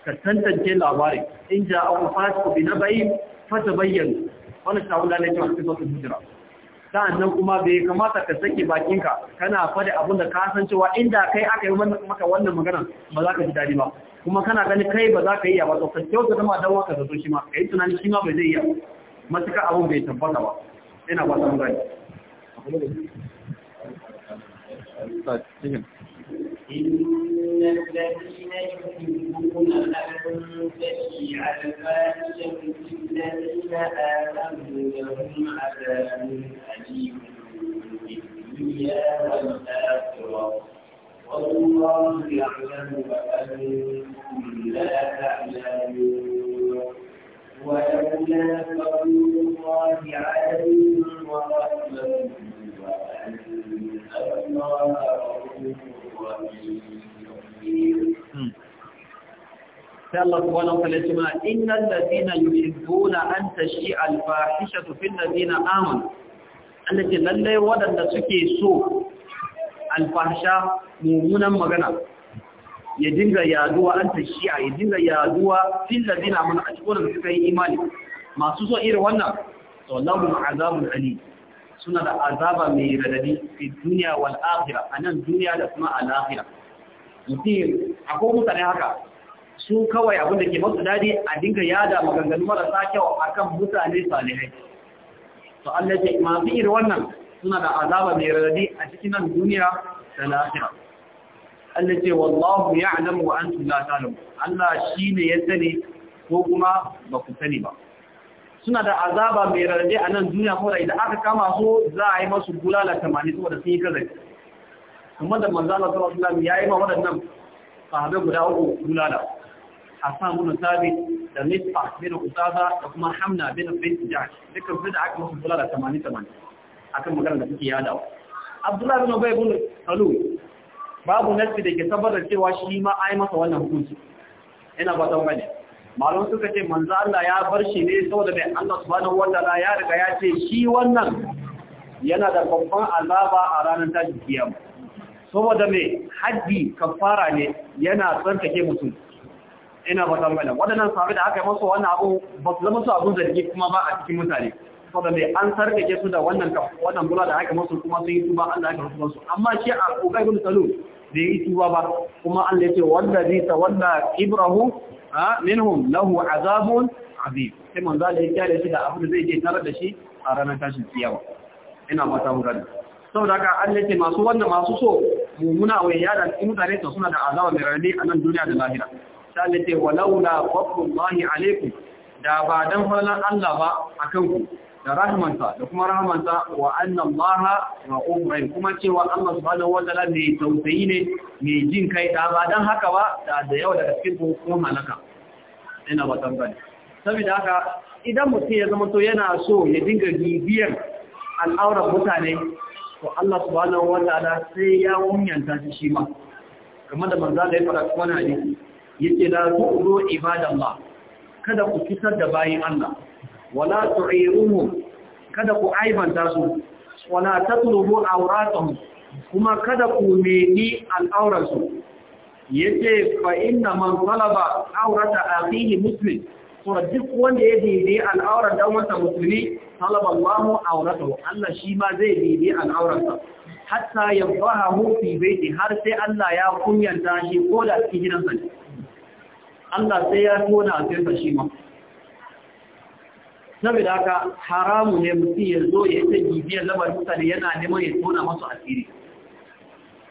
ka tantance labari in ja an fasu bi na bayi fata bayyana wani shawula ne cewa su sosin hijira sa'annan kuma bai kamata ka sake bakinka kana faɗi abin da ka san cewa inda kai aka yi maka wannan maganar ba za ka ji daɗi ba kuma kana gani kai ba za ka iya ba to kyauta zama don waka zato shi ma ka yi tunani shi ma bai zai iya matuƙa abin bai tabbata ba ina ba zan rai والله يعلم بأنكم لا تعلمون ولولا فضل الله عليهم ورحمته وأن الله رؤوف الله سبحانه وتعالى إن الذين يحبون أن تشيع الفاحشة في الذين آمنوا التي لله ودن سكي سوء الفاحشة مؤمنا مغنى ya dinga yaduwa an ta shi'a ya dinga yaduwa fil ladina mun a cikin da suka yi imani masu so irin wannan to lahum azabun ali suna da azaba mai radadi fi duniya wal akhirah anan duniya da kuma al akhirah mutum akwai mutane haka su kawai abin da ke masu dadi a dinga yada maganganu marasa kyau akan mutane salihai to Allah ya masu irin wannan suna da azaba mai radadi a cikin nan duniya da al akhirah Allah ce wallahu ya'lamu wa antum la ta'lamun Allah shi ne ya sani ko kuma ba ku sani ba suna da azaba mai rarrabe a nan duniya ko da idan aka kama su za a yi masu bulala tamanin saboda sun yi kaza kuma da manzo Allah sallallahu alaihi wasallam ya yi ma waɗannan sahabbai guda uku bulala Hassan bin Thabit da Misbah bin Usada da kuma Hamna bin Bin Jahsh dukkan su da aka masu bulala tamanin tamanin akan maganar da suke yadawa Abdullah bin Ubay bin Salul babu nassi da ke tabbatar cewa shi ma ai masa wannan hukunci ina ba ta bane malum suka ce manzo Allah ya bar shi ne saboda mai Allah subhanahu wataala ya riga ya ce shi wannan yana da babban azaba a ranar tashin kiyama saboda mai haddi kafara ne yana take mutum ina ba ta bane wadannan sahabbai da aka yi masa wannan abu ba su zama su abun zargi kuma ba a cikin mutane saboda mai an sarkake su da wannan wannan da aka masu kuma sun yi tuba Allah ya karɓi su amma shi a Ubay ibn da yi tuba ba kuma Allah yace wanda zai tawalla ibrahu minhum lahu azabun azim sai manzo Allah ya kyale shi da abin da zai je tare da shi a ranar tashin kiyama ina mata murada saboda haka an yace masu wanda masu so mumuna wa yada mutane to suna da azaba mai radi a nan duniya da lahira sai Allah yace walaula fadlullahi alaikum da ba dan falalan Allah ba akan ku da rahamansa da kuma rahamansa wa anna Allah ra'um kuma cewa Allah su wa ta'ala mai tausayi ne mai jin kai Ta ba dan haka ba da yawa daga cikin kuma halaka Yana ba tambaya saboda haka idan mutum ya zama to yana so ya dinga bibiyar al'auran mutane to Allah subhanahu wa ta'ala sai ya wunyanta shi shi ma kamar da manzo da ya fara na hadisi yace la kada ku kisar da bayan Allah wala tu'iruhu kada ku aibanta su wala tatlubu awratahum kuma kada ku meni al'auran su yace fa inna man talaba awrata akhihi muslim kuma duk wanda ya dide al'aurar dan wata musulmi talaba Allahu awratahu Allah shi ma zai daidai al'auran hatta yadhahu fi baiti har sai Allah ya kunyanta shi ko da cikin gidansa Allah sai ya tona a cikin shi ma saboda haka haramu ne mutum ya zo ya ta bibiyar labar mutane yana neman ya tona masu asiri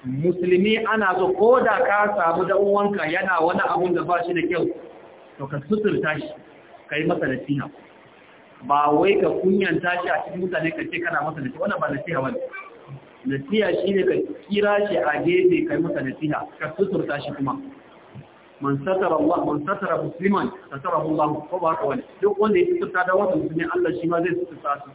musulmi ana zo ko da ka samu da uwanka yana wani abun da ba shi da kyau to ka suturta tashi ka yi masa nasiha ba wai ka kunyan tashi a cikin mutane ka ce kana masa nasiha wannan ba nasiha wani nasiha shi ne ka kira shi a gefe ka yi masa ka suturta shi kuma man satara Allah man satara musliman satarahu Allah ko ba haka wani duk wanda ya sutura da wata musulmi Allah shi ma zai sutura su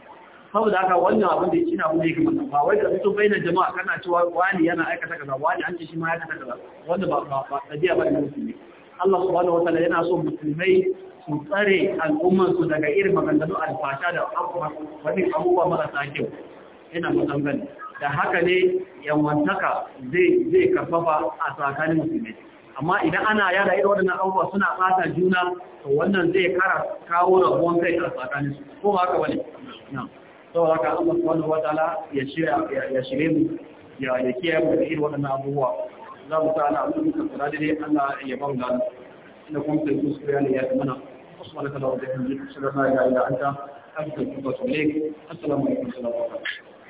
saboda haka wannan abin da yake na abu ne kamar ba wai da fito bayyana jama'a kana cewa wani yana aikata kaza wani an ce shi ma ya aikata kaza wanda ba ba tabiya ba ne musulmi Allah subhanahu wataala yana so musulmai su tsare al'umman su daga irin maganganun alfasha da abubuwa wani abubuwa marasa kyau yana musamman da haka ne yanwantaka zai zai karfafa a tsakanin musulmai amma idan ana yada irin waɗannan abubuwa suna fata juna to wannan zai kara kawo rabuwan kai a tsakanin su ko haka bane Na. saboda haka Allah subhanahu ta'ala ya shirya ya shirye mu ya ya kiyaye mu da irin waɗannan abubuwa za mu ta ana mun ka tsara dai Allah ya ba mu da inda kuma sai su shirya ne ya mana subhanaka allahumma wa bihamdika da an ga ilaha anta astaghfiruka wa atubu assalamu alaikum wa rahmatullahi wa barakatuh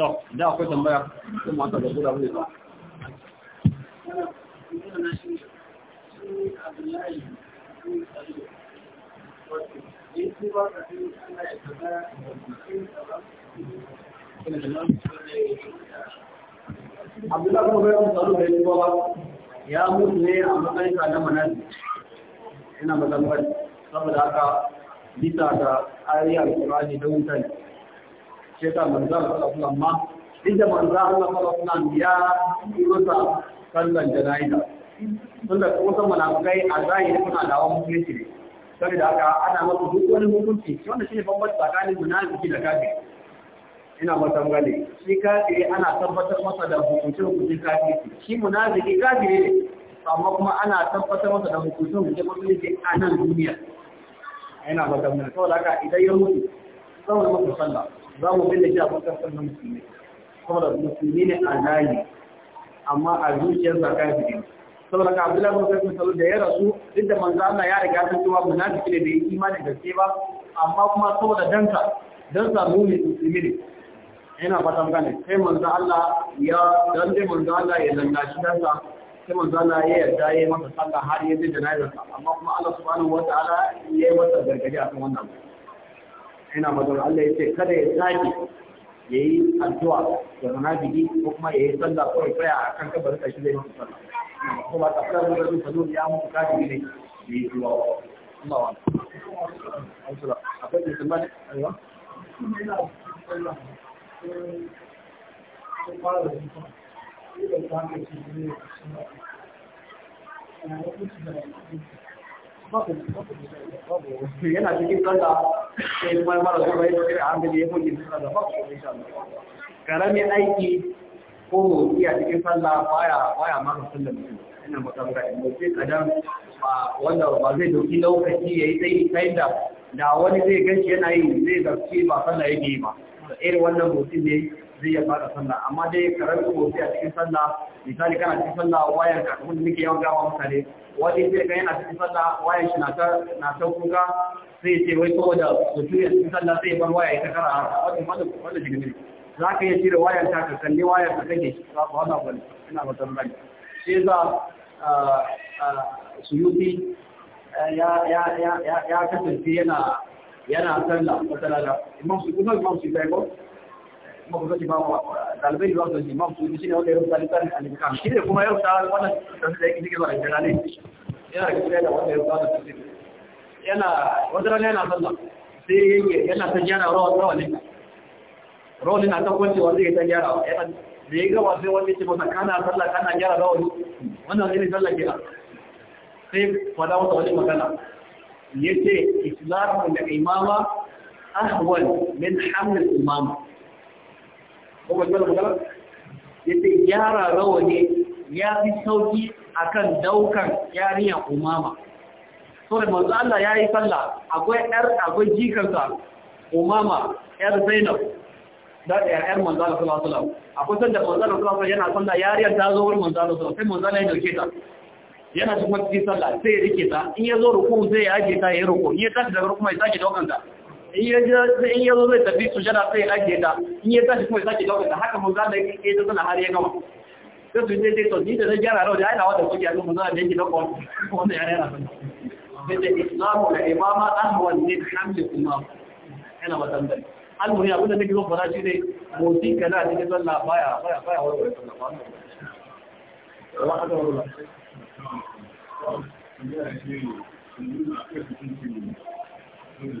to da akwai tambaya kuma aka zaɓi da wuri ba Abdullahi kuma bayan tsaro da yin kowa ya mutu ne a matsayin sa na manasi ina mazan saboda aka bisa da ariyar kurani da wuta sai ta manzo Allah sallallahu ma inda manzo Allah sallallahu ya rusa sallan jana'iza tunda kuma san munafikai a zahiri suna dawo musulunci ne saboda haka ana masa duk wani hukunci wanda shine bambanci tsakanin munafiki da kafiri ina mata gane shi kafiri ana tabbatar masa da hukuncin hukuncin kafiri shi munafiki kafiri ne amma kuma ana tabbatar masa da hukuncin hukuncin musulunci a nan duniya ina mata gane saboda haka idan ya mutu saboda masa sallah za mu bin da shi a kasar na musulmi saboda musulmi ne a layi amma a zuciyar sa kafiri saboda ka abu bin kasar salo da ya rasu duk da manzo Allah ya riga ta cewa munafiki ne bai yi imani gaske ba amma kuma saboda danta dan sa ne musulmi ne ina fatan gane sai manzo Allah ya dan dai manzo Allah ya lallashi dan sa sai manzo Allah ya yarda ya yi masa sallah har ya ji jana'izarsa amma kuma Allah subhanahu wataala ya yi masa gargadi kan wannan ina magana Allah ya ce kada ya sake ya yi addu'a da munafiki ko kuma ya yi sallah ko ya tsaya akan kabar ka shi zai mutu sallah ko ba ta fara da ta zo ya mutu kafiri ne ya yi zuwa kuma wa akwai musulman aiwa Thank you. yana cikin sallah sai kuma ya mara zuwa ya ɗauki a hankali ya kuke sallah da ba karamin aiki ko motsi a cikin sallah baya baya maka sallah mutum ina makamta in motsi kadan wanda ba zai dauki lokaci ya yi sai tsayin da da wani zai ganshi yana yi zai zafi ba sallah yake yi ba irin wannan motsi ne zai ya fara sallah amma dai karar sai a cikin sallah misali kana cikin sallah wayar ka kuma nake yawan gawa mutane wani sai ka yana cikin sallah wayar shi na ta na ta kuka sai ce wai saboda su ya cikin sallah sai bar waya ita kara wani wanda wanda jigini ne za ka iya cire wayar ta ka kalli wayar ka kake shi ba wannan wani ina ba tambayi sai za suyuti eh, ya ya ya ya kasance yana yana sallah wata lada imam su kuma imam su bai ko kuma ku zaki ba shi ne ya rubuta littafin ne da yana yana yana sallah sai na yana sallah sallah magana yace islamu da imama ahwal min haml imama ko ba jira magana yace gyara rawani ya fi sauki akan daukan yariyan umama so da manzo Allah ya yi sallah akwai yar akwai jikarsa umama yar Zainab da yar manzo Allah sallallahu alaihi wasallam akwai sanda manzo Allah sallallahu alaihi wasallam yana sallah yariyar ta zo wurin manzo Allah sallallahu alaihi wasallam sai manzo Allah ya dauke ta yana cikin sallah sai ya rike ta in ya zo ruku sai ya aje ta ya ruku in ya tashi daga ruku mai sake daukan ta in ya zo zai tafi sujada sai ta in tashi kuma sake daukar ta haka mun ya ta suna har ya gama sai su to ni da na gyara rau da yana wata a mun yake daukar wanda ya rera sun da islamu da imama ne kuma yana nake zo fara shi ne motsi cikin baya baya baya Thank you.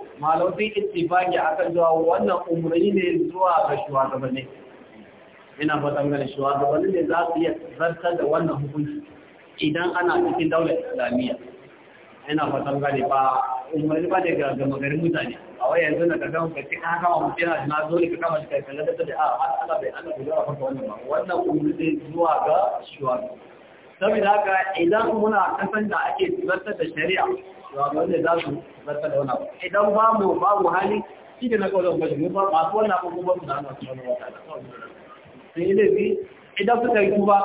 malautai a akan zuwa wannan umarni ne zuwa ga shugabanni ina fatan ga shugabanni ne za su iya zartar da wannan hukunci idan ana cikin daular islamiyya ina fatan ga ba umarni ba daga ga garin mutane a wai yanzu na kaga ka ci an kama mutum yana na zo ka kama shi kai kallon da ta da a ah, Allah bai Allah bai a farko wannan ba wannan umarni ne zuwa ga shugabanni saboda haka idan muna kasan da ake zartar da shari'a wanda za su zartar da wani abu idan babu hali shi ne na kawai gwajin mu ba masu wannan abu ba su da wata sun yi laifi idan suka yi tuba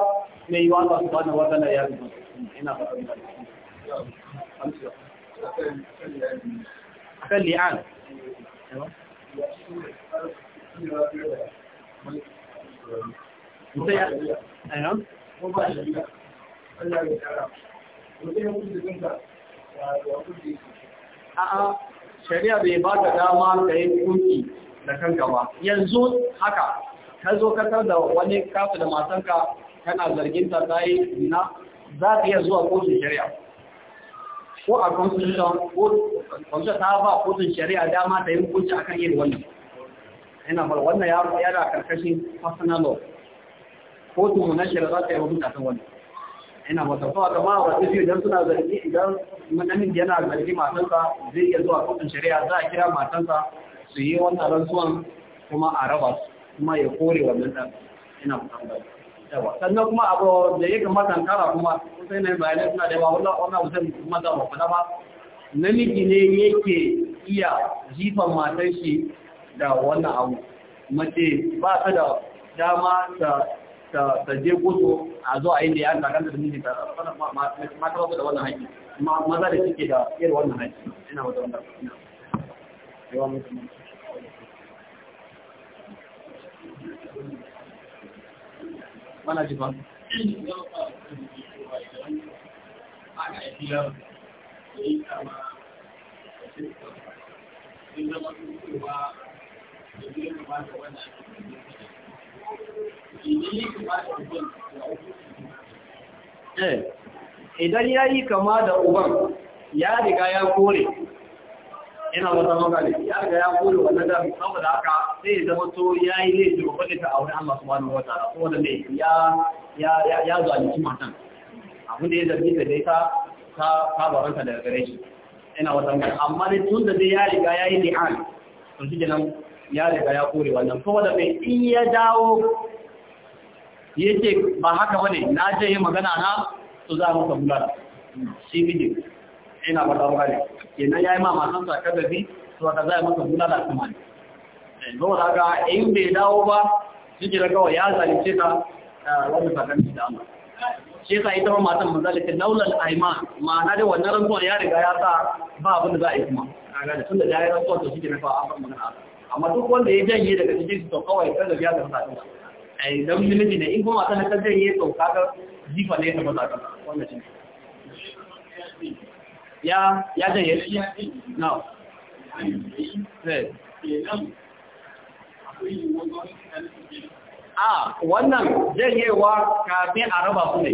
mai yi wata su wani wata da ya zuba ina fata da kan li'an a'a shari'a bai ba ta dama ta yi kunki da kanka ba yanzu haka ka zo kasar da wani kafa da matanka kana zargin ta ta yi zina za ka iya zuwa kotun shari'a ko a constitution ko ta ba kotun shari'a dama ta yi a akan yin wannan ina fara wannan ya yana karkashin personal law kotun mu na shari'a za ta yi hukunci akan wannan ina wata kuma kama wasu biyu idan suna zargi idan namiji yana zargi matansa zai iya zuwa kotun shari'a za a kira matansa su yi wannan rantsuwan kuma a raba kuma ya kore wannan ɗan ina musamman yawa sannan kuma abu da ya kamata kara kuma sai na bayanai suna da yawa wanda mutum kuma za mu faɗa ba namiji ne yake iya jifan matan shi da wannan abu mace ba ta da dama ta ta je gozo a zo a inda ya a kanta da miji ta da wannan haƙi maza da suke da irin wannan haƙi ina wata wanda ina yawa mutum mana ji ba Thank you. Eh, idan ya yi kama da uban ya riga ya kore yana wata magani ya riga ya kore wannan da da haka sai ya zama to ya yi laifi babban kwallita a wurin Allah subhanahu wa ta'ala da mai ya ya ya zalunci matan abin da ya zargi da dai ta ta daga gare shi yana wata magani amma ne tun da zai ya riga ya yi li'an sun shi kenan ya riga ya kore wannan saboda mai in ya dawo yake ba haka bane na je yi magana na to za mu kabula shi bidin ina ba da wani kenan yayi ma masan sa kada bi to ka za mu kabula da kuma ne eh, to da ga in bai dawo ba shi da kawai ya zalice ta wani shi da amma shi sai ita ma matan manzalika laulal aiman ma'ana da wannan rantsuwa ya riga ya sa ba abin da za a yi kuma kaga da tun da ya rantsuwa to shi ke na fa an magana amma duk wanda ya janye daga cikin to kawai kada biya da sa ai dan namiji ne in kuma mata ta janye to kaga jifa ne ta maza ta shi ya ya janye shi na eh a wannan janyewa kafin a raba su ne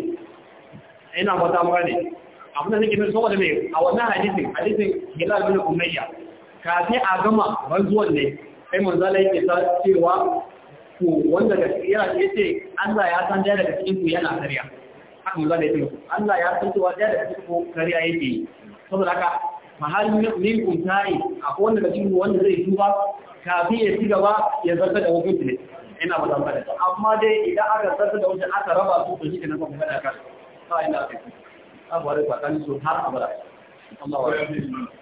ina ba ta mura ne abin da nake nuna da mai a wannan hadisin hadisin hilal bin umayya kafin a gama rantsuwan ne sai manzala yake ta cewa ko wanda da ya yace Allah ya san da daga cikin ku yana kariya haka manzala yake Allah ya san cewa da daga cikin ku kariya yake saboda haka mahallin min kuntai ko wanda da cikin wanda zai tuba kafin ya ci gaba ya zarta da hukunci ne ina ba zan faɗa amma dai idan aka zarta da hukunci aka raba su to shi kenan ba ku faɗa ka sai na ce abu da tsakanin har abada Allah ya yi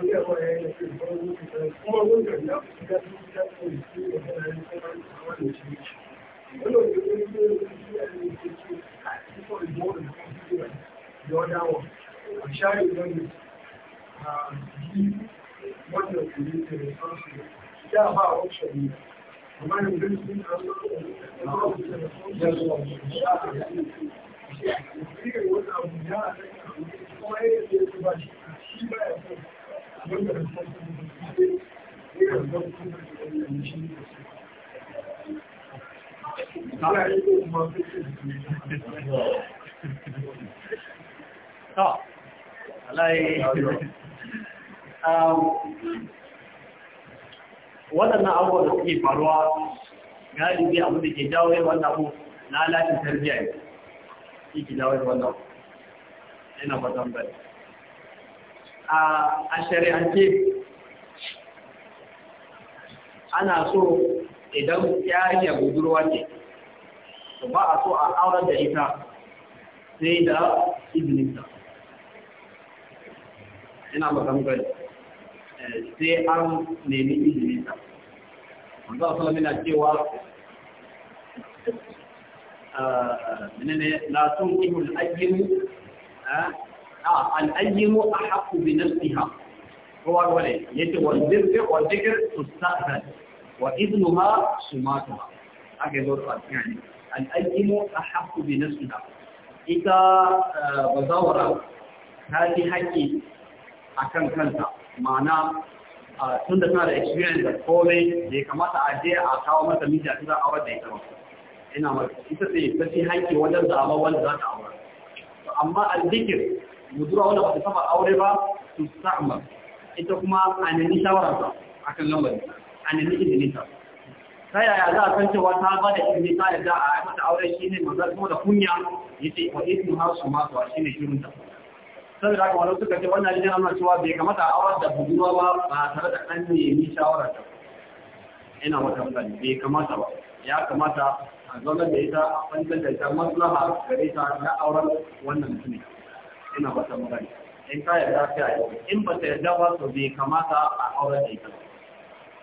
the ya one. I'm sure you know this. Uh, give what you're doing to the Yeah, a person. to alai um, waɗannan abubuwa da suke faruwa galibi abu da ke jawo yin wannan abu na lalacin tarbiyya ne ke jawo yin wannan abu yana fatan bari a shari'ance ana so idan a budurwa ce to ba a so a aurar da ita sai da izininta ina makamkar eh, sai an nemi izininta wanda a salamina cewa ah, menene na sun ihul ajiyar al'ayyimu a haku bi nafsiha kowa wale yace wa zikr wa zikr tustahdan wa iznuha sumatuha ake zo ta yani al'ayyimu a haku bi nafsiha ita ba za wa bazawara ta ji haƙƙi a kan kanta ma'ana tun da tana da experience da komai da ya kamata a je a kawo mata miji a tuza awar da ita ba ina mata ita ce ta ce haƙƙi wajen zaɓa wanda za ta aure amma aljikir budurwa wanda ba ta saba aure ba su sa'amba. ita kuma a nemi shawararsa a kan lambari a nemi izininta ta yaya za a san cewa ta ba da izini ta yarda a mata aure shi ne mazar kuma da kunya ya ce wa isin har su masu wa shi ne shirinta saboda haka wani suka ce wannan rijiyar amma cewa bai kamata a awar da budurwa ba ba tare da an nemi shawararsa ina wata bane bai kamata ba ya kamata a zaunar da ita a fantar da ita maslaha gare ta na auren wannan mutumin ina wata magana in ka yarda ta yi in ba ta yarda ba su bai kamata a aure da ita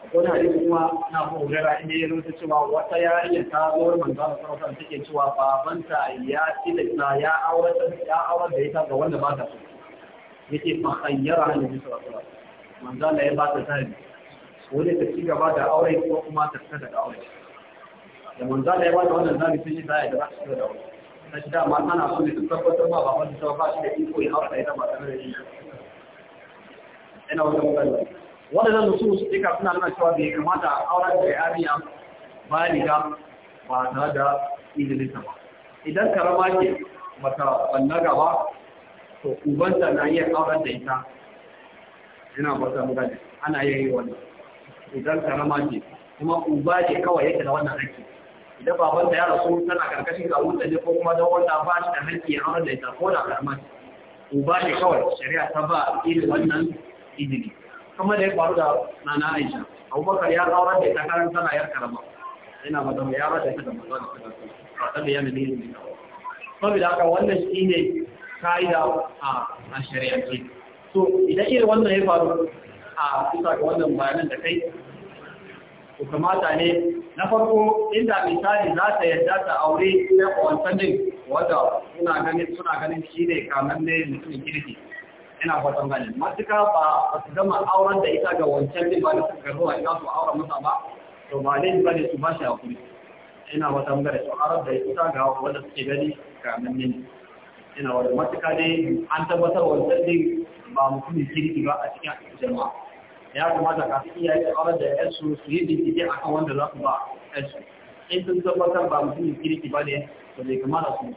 akwai na hadisi kuma na ko gara inda ya rubuta cewa wata ya ta zuwar manzo Allah sallallahu take cewa babanta ya ta ya aure ya aure da ita ga wanda ba ta so yake fa khayyara ne sallallahu alaihi wasallam manzo Allah ya ba ta tsari Wani ne ta ci gaba da aure ko kuma ta fita da aure da manzo Allah ya ba ta wannan zabi sai ya da za ta fita da aure na shi dama ana so ne su tabbatar ba ba wani cewa ba shi da iko ya haura da ita ba tare da shi Ina wata magana waɗannan musu su duka suna nuna cewa bai kamata a auren da yariya ba riga ba tare da izininta ba idan karama ke mata ballaga ba to ubanta na iya auren da ita Ina wata magana ana iya yi wani idan karama ke kuma uba ke kawai yake da wannan aiki. idan baban da ya rasu tana karkashin wuta ne ko kuma don wanda ba shi da hanki a auren da ita ko da karama uba shi kawai shari'a ta ba irin wannan izini kuma da ya faru da nana aisha abubakar ya auren da ita karan tana yar karama ina ba da ya rasa ita da manzo da suka ba ta da yana ne ne saboda haka wannan shine kaida a a shari'a ce so idan irin wannan ya faru a kusa ga wannan bayanan da kai Ku kamata ne na farko inda misali za ta yarda ta aure na wancan din wanda suna ganin suna ganin shi ne kamar ne mutum kirki ina fatan ganin matuka ba a su gama auren da ita ga wancan din ba da ga ruwa ina su auren masa ba to ba ne ba ne su ba shi kuɗi? ina fatan ganin to auren da ita ga wanda suke gani kamar ne ina wanda matuka ne an tabbatar wancan din ba mutum kirki ba a cikin jama'a ya kamata kafin iyaye da ƙarar da yansu su yi bincike a kan wanda za su ba yansu in sun tabbatar ba mutumin kirki ba ne ba zai kamata su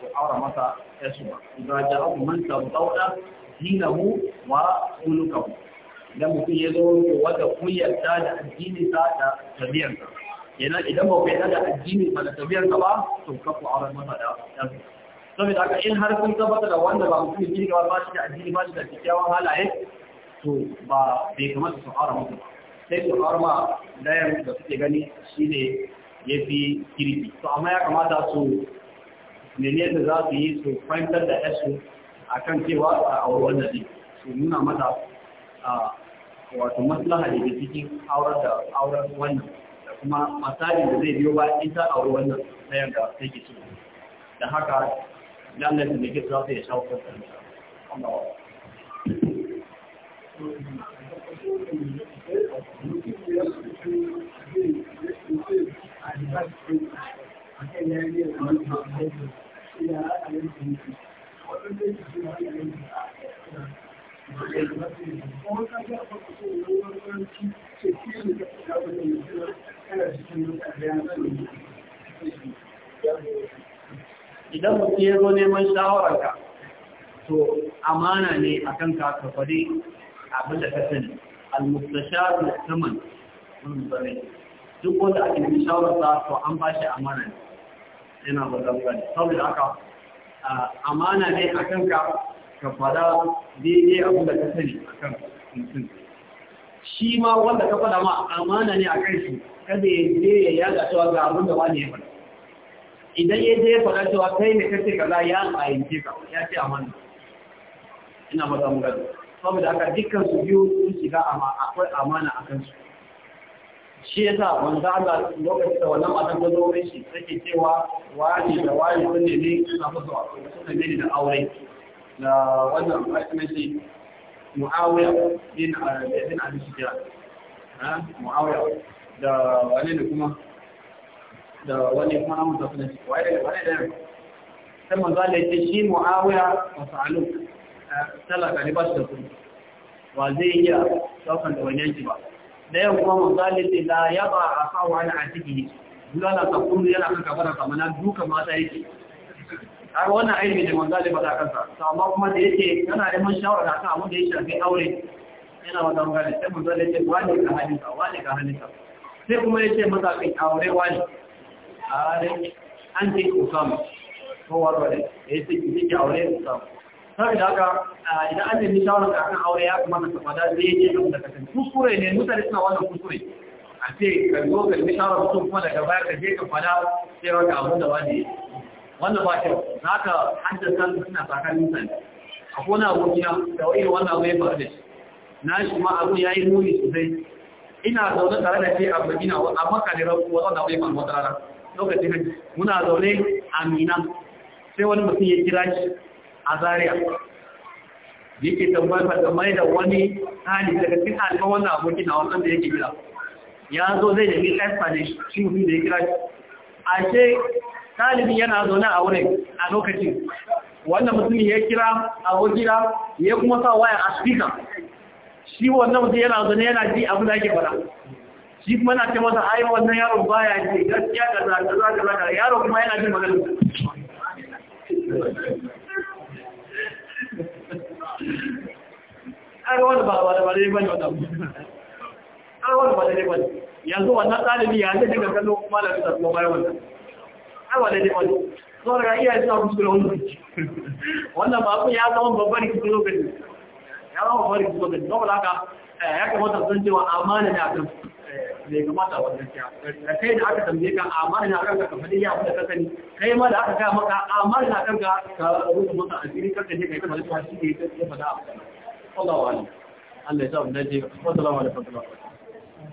su aura masa yansu ba idan ja abu man samu ɗauɗa dinahu wa mu idan mutum ya zo wanda kun yarda da addininsa da tabiyarsa yana idan ba ku da addini ba da tabiyarsa ba to ka ku aura masa da yansu saboda haka in har kun tabbatar da wanda ba mutumin kirki ba ba shi da addini ba shi da kyakkyawan halaye to ba bai kamata su fara mutu sai su fara ma dayan da suke gani shi ne ya fi kirki to amma ya kamata su ne da za su yi su fahimtar da yasu a kan cewa a auren da su nuna mata wato maslaha da ke cikin auren da auren wannan da kuma matsari da zai biyo ba ita ta auri wannan dayan da take so da haka lalata da ke za su ya shawo kwanta Allah idan mutum ya zo neman shawararka to amana ne akan kan ka abin da kasan al-mustashar musamman mun bare duk wanda ake yi shawarta to an ba shi amana yana ba da gani saboda haka amana ne a kanka ka fada daidai abin da kasan sani a kan mutum shi ma wanda ka fada ma amana ne a kan shi kada ya je ya yada cewa ga abin da wani ya fada idan ya je ya fada cewa kai ne kace kaza ya ayyance ka ya ce amana ina ba zan gani saboda haka dukkan su biyu sun shiga akwai amana a kansu shi sa wanda Allah lokacin da wannan matan da zo shi sake cewa wani da wani sun nemi suna fusa sun nemi da aure na wannan aikinan shi muawiya a eh, bin abi sufyan jira muawiya da wani ne kuma da wani kuma na mutafi na shi wani da wani da sai manzo ya ce shi muawiya masu sa'alu talaka ne ba su da kuɗi ba zai iya ɗaukan da wani ba da yau kuma musalin da ya ba a kawo ana a ciki ne zulala ta kullu yana kan kafara sa na duka mata yake har wannan aiki da manzali ba ta kansa to amma kuma da yake yana da man shawara kan abin da ya shafi aure yana wata magana sai manzali yake wani ka halin ka wani ka halin ka sai kuma ya ce maza kai aure wani a dai an ce ku samu ko warware yace ki ji aure ku da haka idan an nemi shawarar da akan aure ya kamata ka fada zai yi abin da ka sani kuskure ne mutane suna wannan kuskure a ce ka zo ka nemi shawarar mutum kuma daga baya ka je ka fada sai wata abin da ne. wannan ba kyau za ka haddasa suna tsakanin mutane a kona abokina da wani wannan abu ya faru da shi na shi ma abu ya yi muni sosai ina zaune tare da ke a bagina a makalirar wannan abu ya faru wata rana lokacin muna zaune a minan sai wani mutum ya kira shi a zariya yake tambayar da mai da wani hali daga cikin halin wannan abokin na wannan da yake gida ya zo zai da mika spanish shi da ya kira ashe talibin yana zaune a wurin a lokacin wannan mutumin ya kira abokina ya kuma sa waya a speaker shi wannan mutum yana zaune yana ji abu da ake fara shi kuma na ce masa ai wannan yaron baya ji gaskiya da kaza ta za ta yaro kuma yana jin magana an wani ba yanzu wannan ɗalibi ya zai daga kallo kuma da fitar kuma bayan wannan an wani ne wani zuwa daga iya suna kuskure wani wannan ba ya zama babban rikici lokaci ya zama babban rikici lokaci saboda haka eh, ya kamata sun cewa amana ne a kansu bai kamata a wannan ciya da kai da aka tambaye ka amana na kanka ka faɗi ya da ka sani kai ma da aka ga maka amana na kanka ka rubuta masa asiri kanka ne kai ta mallaka shi ne ya faɗa Allah wa Allah ya sa mu dace assalamu alaikum